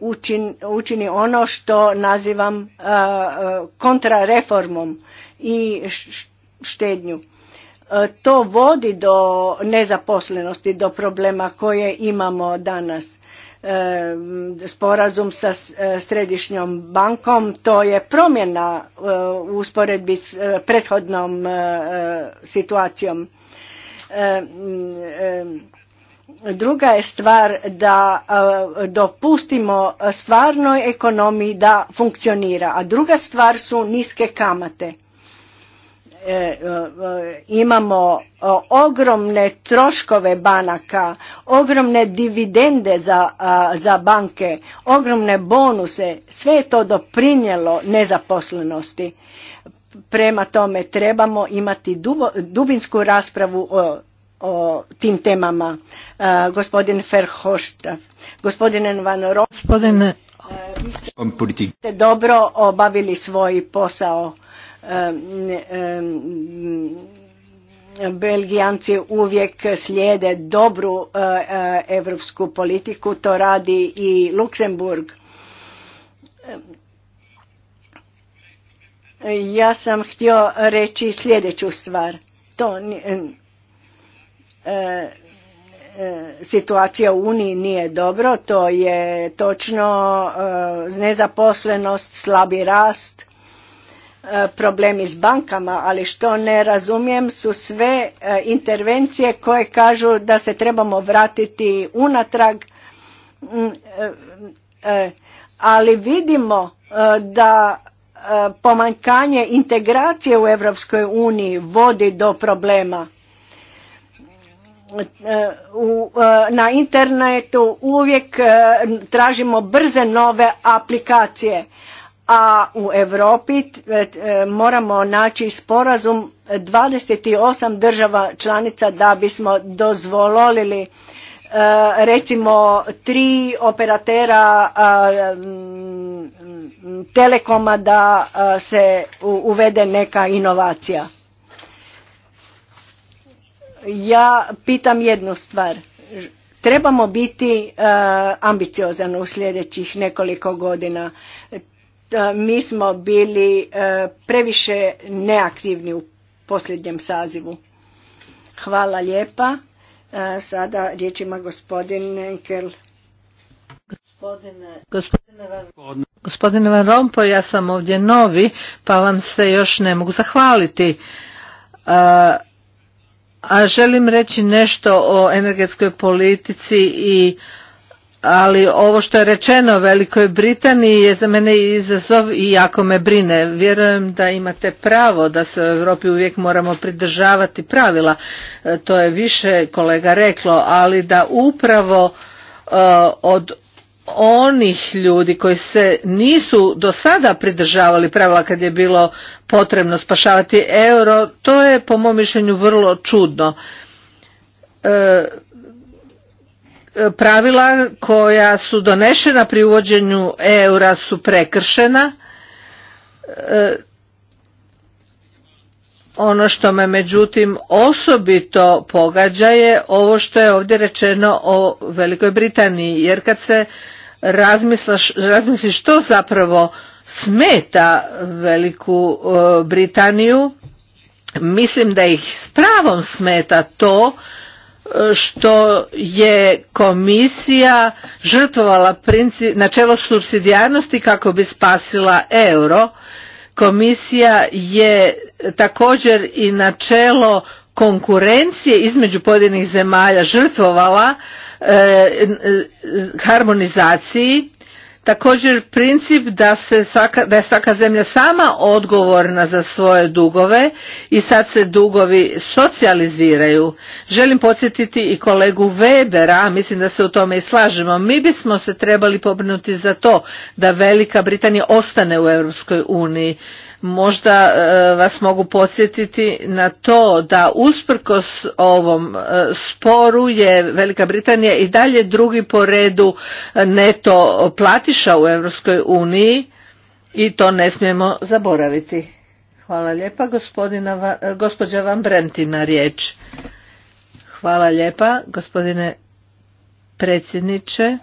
Speaker 3: učini ono što nazivam e, e, kontrareformom i štednju. To vodi do nezaposlenosti, do problema koje imamo danas E, sporazum sa e, središnjom bankom, to je promjena e, u usporedbi s prethodnom situacijom. Druga je stvar da dopustimo stvarnoj ekonomiji da funkcionira, a druga stvar su niske kamate. E, e, imamo e, ogromne troškove banaka, ogromne dividende za, za banke, ogromne bonuse, sve je to doprinjelo nezaposlenosti. Prema tome trebamo imati dubinsku raspravu o, tim temama. gospodin Ferhošt, gospodin Van gospodine, vi ste dobro obavili svoj posao Belgijanci uvijek slijede dobru europsku e, politiku, to radi i Luksemburg. Ja sam htio reći sljedeću stvar. To e, e, situacija u Uniji nije dobro, to je točno nezaposlenost, slabi rast, E, problemi s bankama, ali što ne razumijem su sve e, intervencije koje kažu da se trebamo vratiti unatrag, mm, e, ali vidimo da pomanjkanje integracije u Europskoj uniji vodi do problema. Na internetu uvijek tražimo brze nove aplikacije a u Europi e, e, moramo naći sporazum 28 država članica da bismo dozvolili e, recimo tri operatera telekoma da se uvede neka inovacija. Ja pitam jednu stvar. Trebamo biti ambiciozan u sljedećih nekoliko godina. E, mi smo bili e, previše neaktivni u posljednjem sazivu. Hvala lijepa. E, sada riječ ima gospodin Enkel.
Speaker 2: Gospodine, Van, Rompo, ja sam ovdje novi, pa vam se još ne mogu zahvaliti. a želim reći nešto o energetskoj politici i ali ovo što je rečeno o Velikoj Britaniji je za mene izazov i jako me brine. Vjerujem da imate pravo da se u Europi uvijek moramo pridržavati pravila, e, to je više kolega reklo, ali da upravo e, od onih ljudi koji se nisu do sada pridržavali pravila kad je bilo potrebno spašavati euro, to je po mom mišljenju vrlo čudno. E, pravila koja su donešena pri uvođenju eura su prekršena. E, ono što me međutim osobito pogađa je ovo što je ovdje rečeno o Velikoj Britaniji, jer kad se razmisli što zapravo smeta Veliku e, Britaniju, mislim da ih s pravom smeta to što je komisija žrtvovala načelo subsidijarnosti kako bi spasila euro. Komisija je također i načelo konkurencije između pojedinih zemalja žrtvovala e, e, harmonizaciji Također princip da, se svaka, da je svaka zemlja sama odgovorna za svoje dugove i sad se dugovi socijaliziraju. Želim podsjetiti i kolegu Webera, mislim da se u tome i slažemo, mi bismo se trebali pobrinuti za to da Velika Britanija ostane u Europskoj uniji Možda e, vas mogu podsjetiti na to da usprkos ovom e, sporu je Velika Britanija i dalje drugi po redu neto platiša u Europskoj uniji i to ne smijemo zaboraviti. Hvala lijepa. Gospodina, e, gospođa Van Brentina, na riječ. Hvala lijepa gospodine predsjedniče.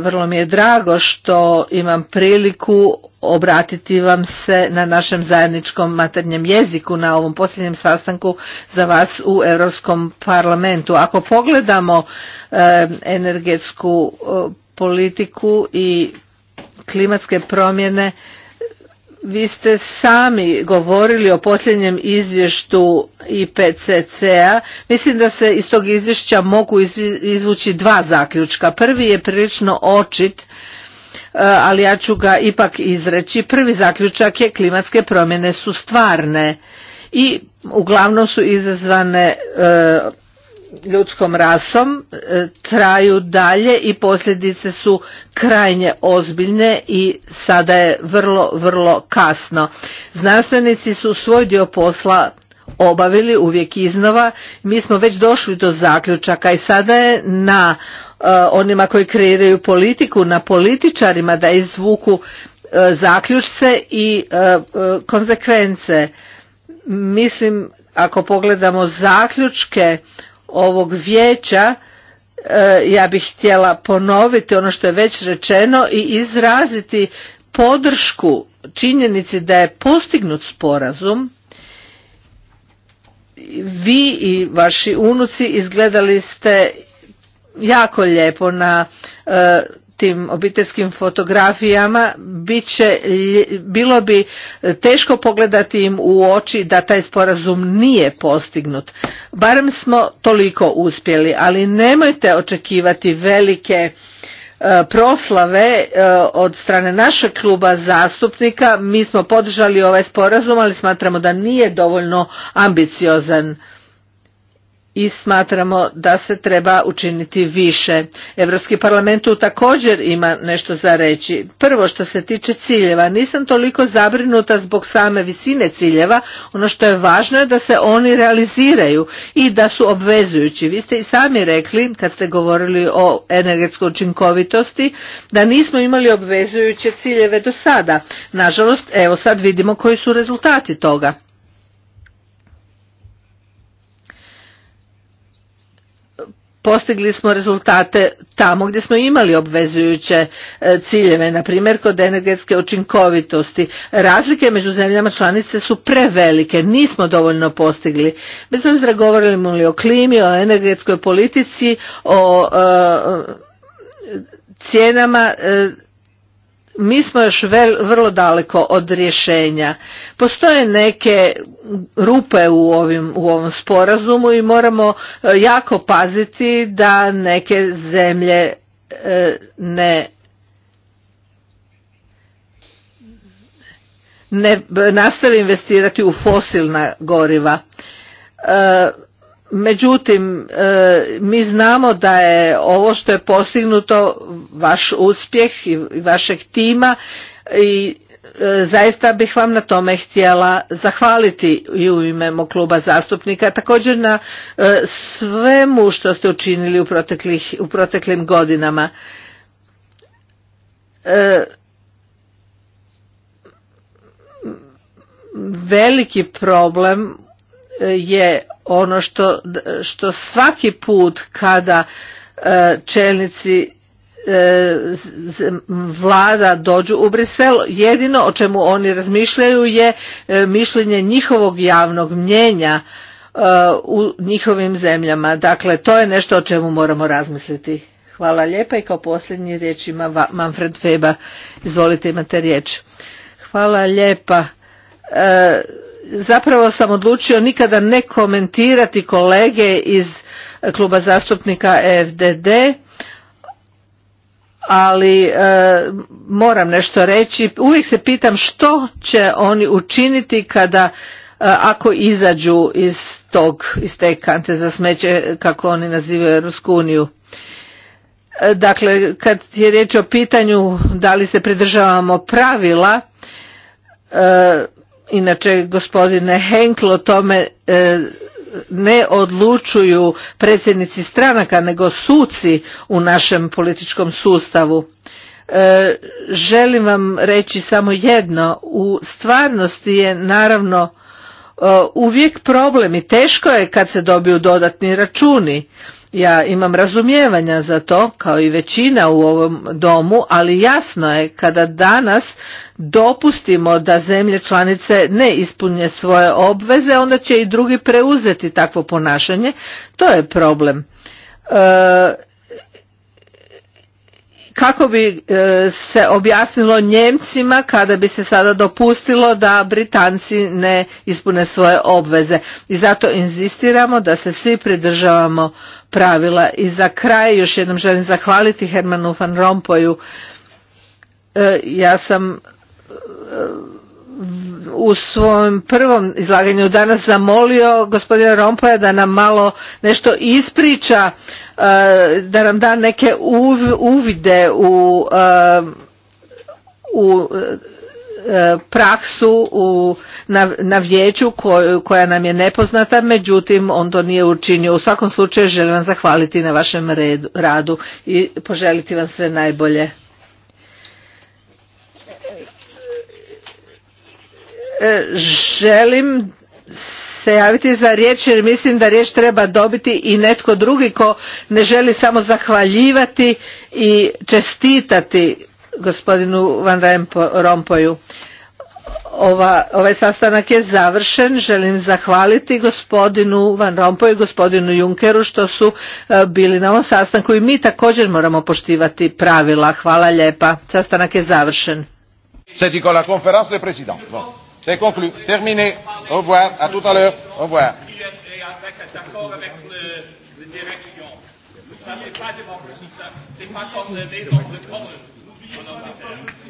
Speaker 2: Vrlo mi je drago što imam priliku obratiti vam se na našem zajedničkom maternjem jeziku na ovom posljednjem sastanku za vas u Europskom parlamentu. Ako pogledamo energetsku politiku i klimatske promjene, vi ste sami govorili o posljednjem izvještu IPCC-a. Mislim da se iz tog izvješća mogu izvući dva zaključka. Prvi je prilično očit E, ali ja ću ga ipak izreći. Prvi zaključak je klimatske promjene su stvarne i uglavnom su izazvane e, ljudskom rasom e, traju dalje i posljedice su krajnje ozbiljne i sada je vrlo vrlo kasno znanstvenici su svoj dio posla obavili uvijek iznova mi smo već došli do zaključaka i sada je na E, onima koji kreiraju politiku, na političarima da izvuku e, zaključce i e, konsekvence. Mislim, ako pogledamo zaključke ovog vijeća, ja bih htjela ponoviti ono što je već rečeno i izraziti podršku činjenici da je postignut sporazum vi i vaši unuci izgledali ste jako lijepo na e, tim obiteljskim fotografijama bit će, bilo bi teško pogledati im u oči da taj sporazum nije postignut. Barem smo toliko uspjeli, ali nemojte očekivati velike e, proslave e, od strane našeg kluba zastupnika. Mi smo podržali ovaj sporazum, ali smatramo da nije dovoljno ambiciozan i smatramo da se treba učiniti više. Europski parlament tu također ima nešto za reći. Prvo što se tiče ciljeva, nisam toliko zabrinuta zbog same visine ciljeva, ono što je važno je da se oni realiziraju i da su obvezujući. Vi ste i sami rekli kad ste govorili o energetskoj učinkovitosti da nismo imali obvezujuće ciljeve do sada. Nažalost, evo sad vidimo koji su rezultati toga. postigli smo rezultate tamo gdje smo imali obvezujuće e, ciljeve, na primjer kod energetske učinkovitosti. Razlike među zemljama članice su prevelike, nismo dovoljno postigli. Bez obzira govorimo li o klimi, o energetskoj politici, o e, cijenama e, mi smo još vrlo daleko od rješenja. Postoje neke rupe u, ovim, u ovom sporazumu i moramo e, jako paziti da neke zemlje e, ne ne nastave investirati u fosilna goriva. E, Međutim, e, mi znamo da je ovo što je postignuto vaš uspjeh i vašeg tima i e, zaista bih vam na tome htjela zahvaliti i u ime mog kluba zastupnika, također na e, svemu što ste učinili u, proteklih, u proteklim godinama. Veliki problem je ono što, što svaki put kada e, čelnici e, vlada dođu u Brisel, jedino o čemu oni razmišljaju je e, mišljenje njihovog javnog mnjenja u njihovim zemljama. Dakle, to je nešto o čemu moramo razmisliti. Hvala lijepa i kao posljednji riječ ima Manfred Feba. Izvolite, imate riječ. Hvala lijepa zapravo sam odlučio nikada ne komentirati kolege iz kluba zastupnika FDD ali e, moram nešto reći uvijek se pitam što će oni učiniti kada e, ako izađu iz tog iz te kante za smeće kako oni nazivaju Europsku uniju e, dakle kad je riječ o pitanju da li se pridržavamo pravila inače gospodine Henklo tome e, ne odlučuju predsjednici stranaka nego suci u našem političkom sustavu. E, želim vam reći samo jedno, u stvarnosti je naravno e, uvijek problem i teško je kad se dobiju dodatni računi. Ja imam razumijevanja za to, kao i većina u ovom domu, ali jasno je kada danas dopustimo da zemlje članice ne ispunje svoje obveze, onda će i drugi preuzeti takvo ponašanje. To je problem. E, kako bi e, se objasnilo Njemcima kada bi se sada dopustilo da Britanci ne ispune svoje obveze. I zato inzistiramo da se svi pridržavamo pravila. I za kraj još jednom želim zahvaliti Hermanu van Rompoju. E, ja sam e, u svom prvom izlaganju danas zamolio gospodina Rompoja da nam malo nešto ispriča da nam da neke uvide u, u praksu na, vijeću koja nam je nepoznata, međutim on to nije učinio. U svakom slučaju želim vam zahvaliti na vašem radu i poželiti vam sve najbolje. Želim se javiti za riječ jer mislim da riječ treba dobiti i netko drugi ko ne želi samo zahvaljivati i čestitati gospodinu Van Rompoju. Ova, ovaj sastanak je završen. Želim zahvaliti gospodinu Van rompoju i gospodinu Junkeru što su e, bili na ovom sastanku i mi također moramo poštivati pravila. Hvala lijepa. Sastanak je završen.
Speaker 3: C'est conclu. Terminé. Au revoir. À tout à l'heure. Au revoir.
Speaker 1: D'accord avec la direction. Ça, c'est pas démocratie, ça. C'est pas comme
Speaker 2: les maisons de communes.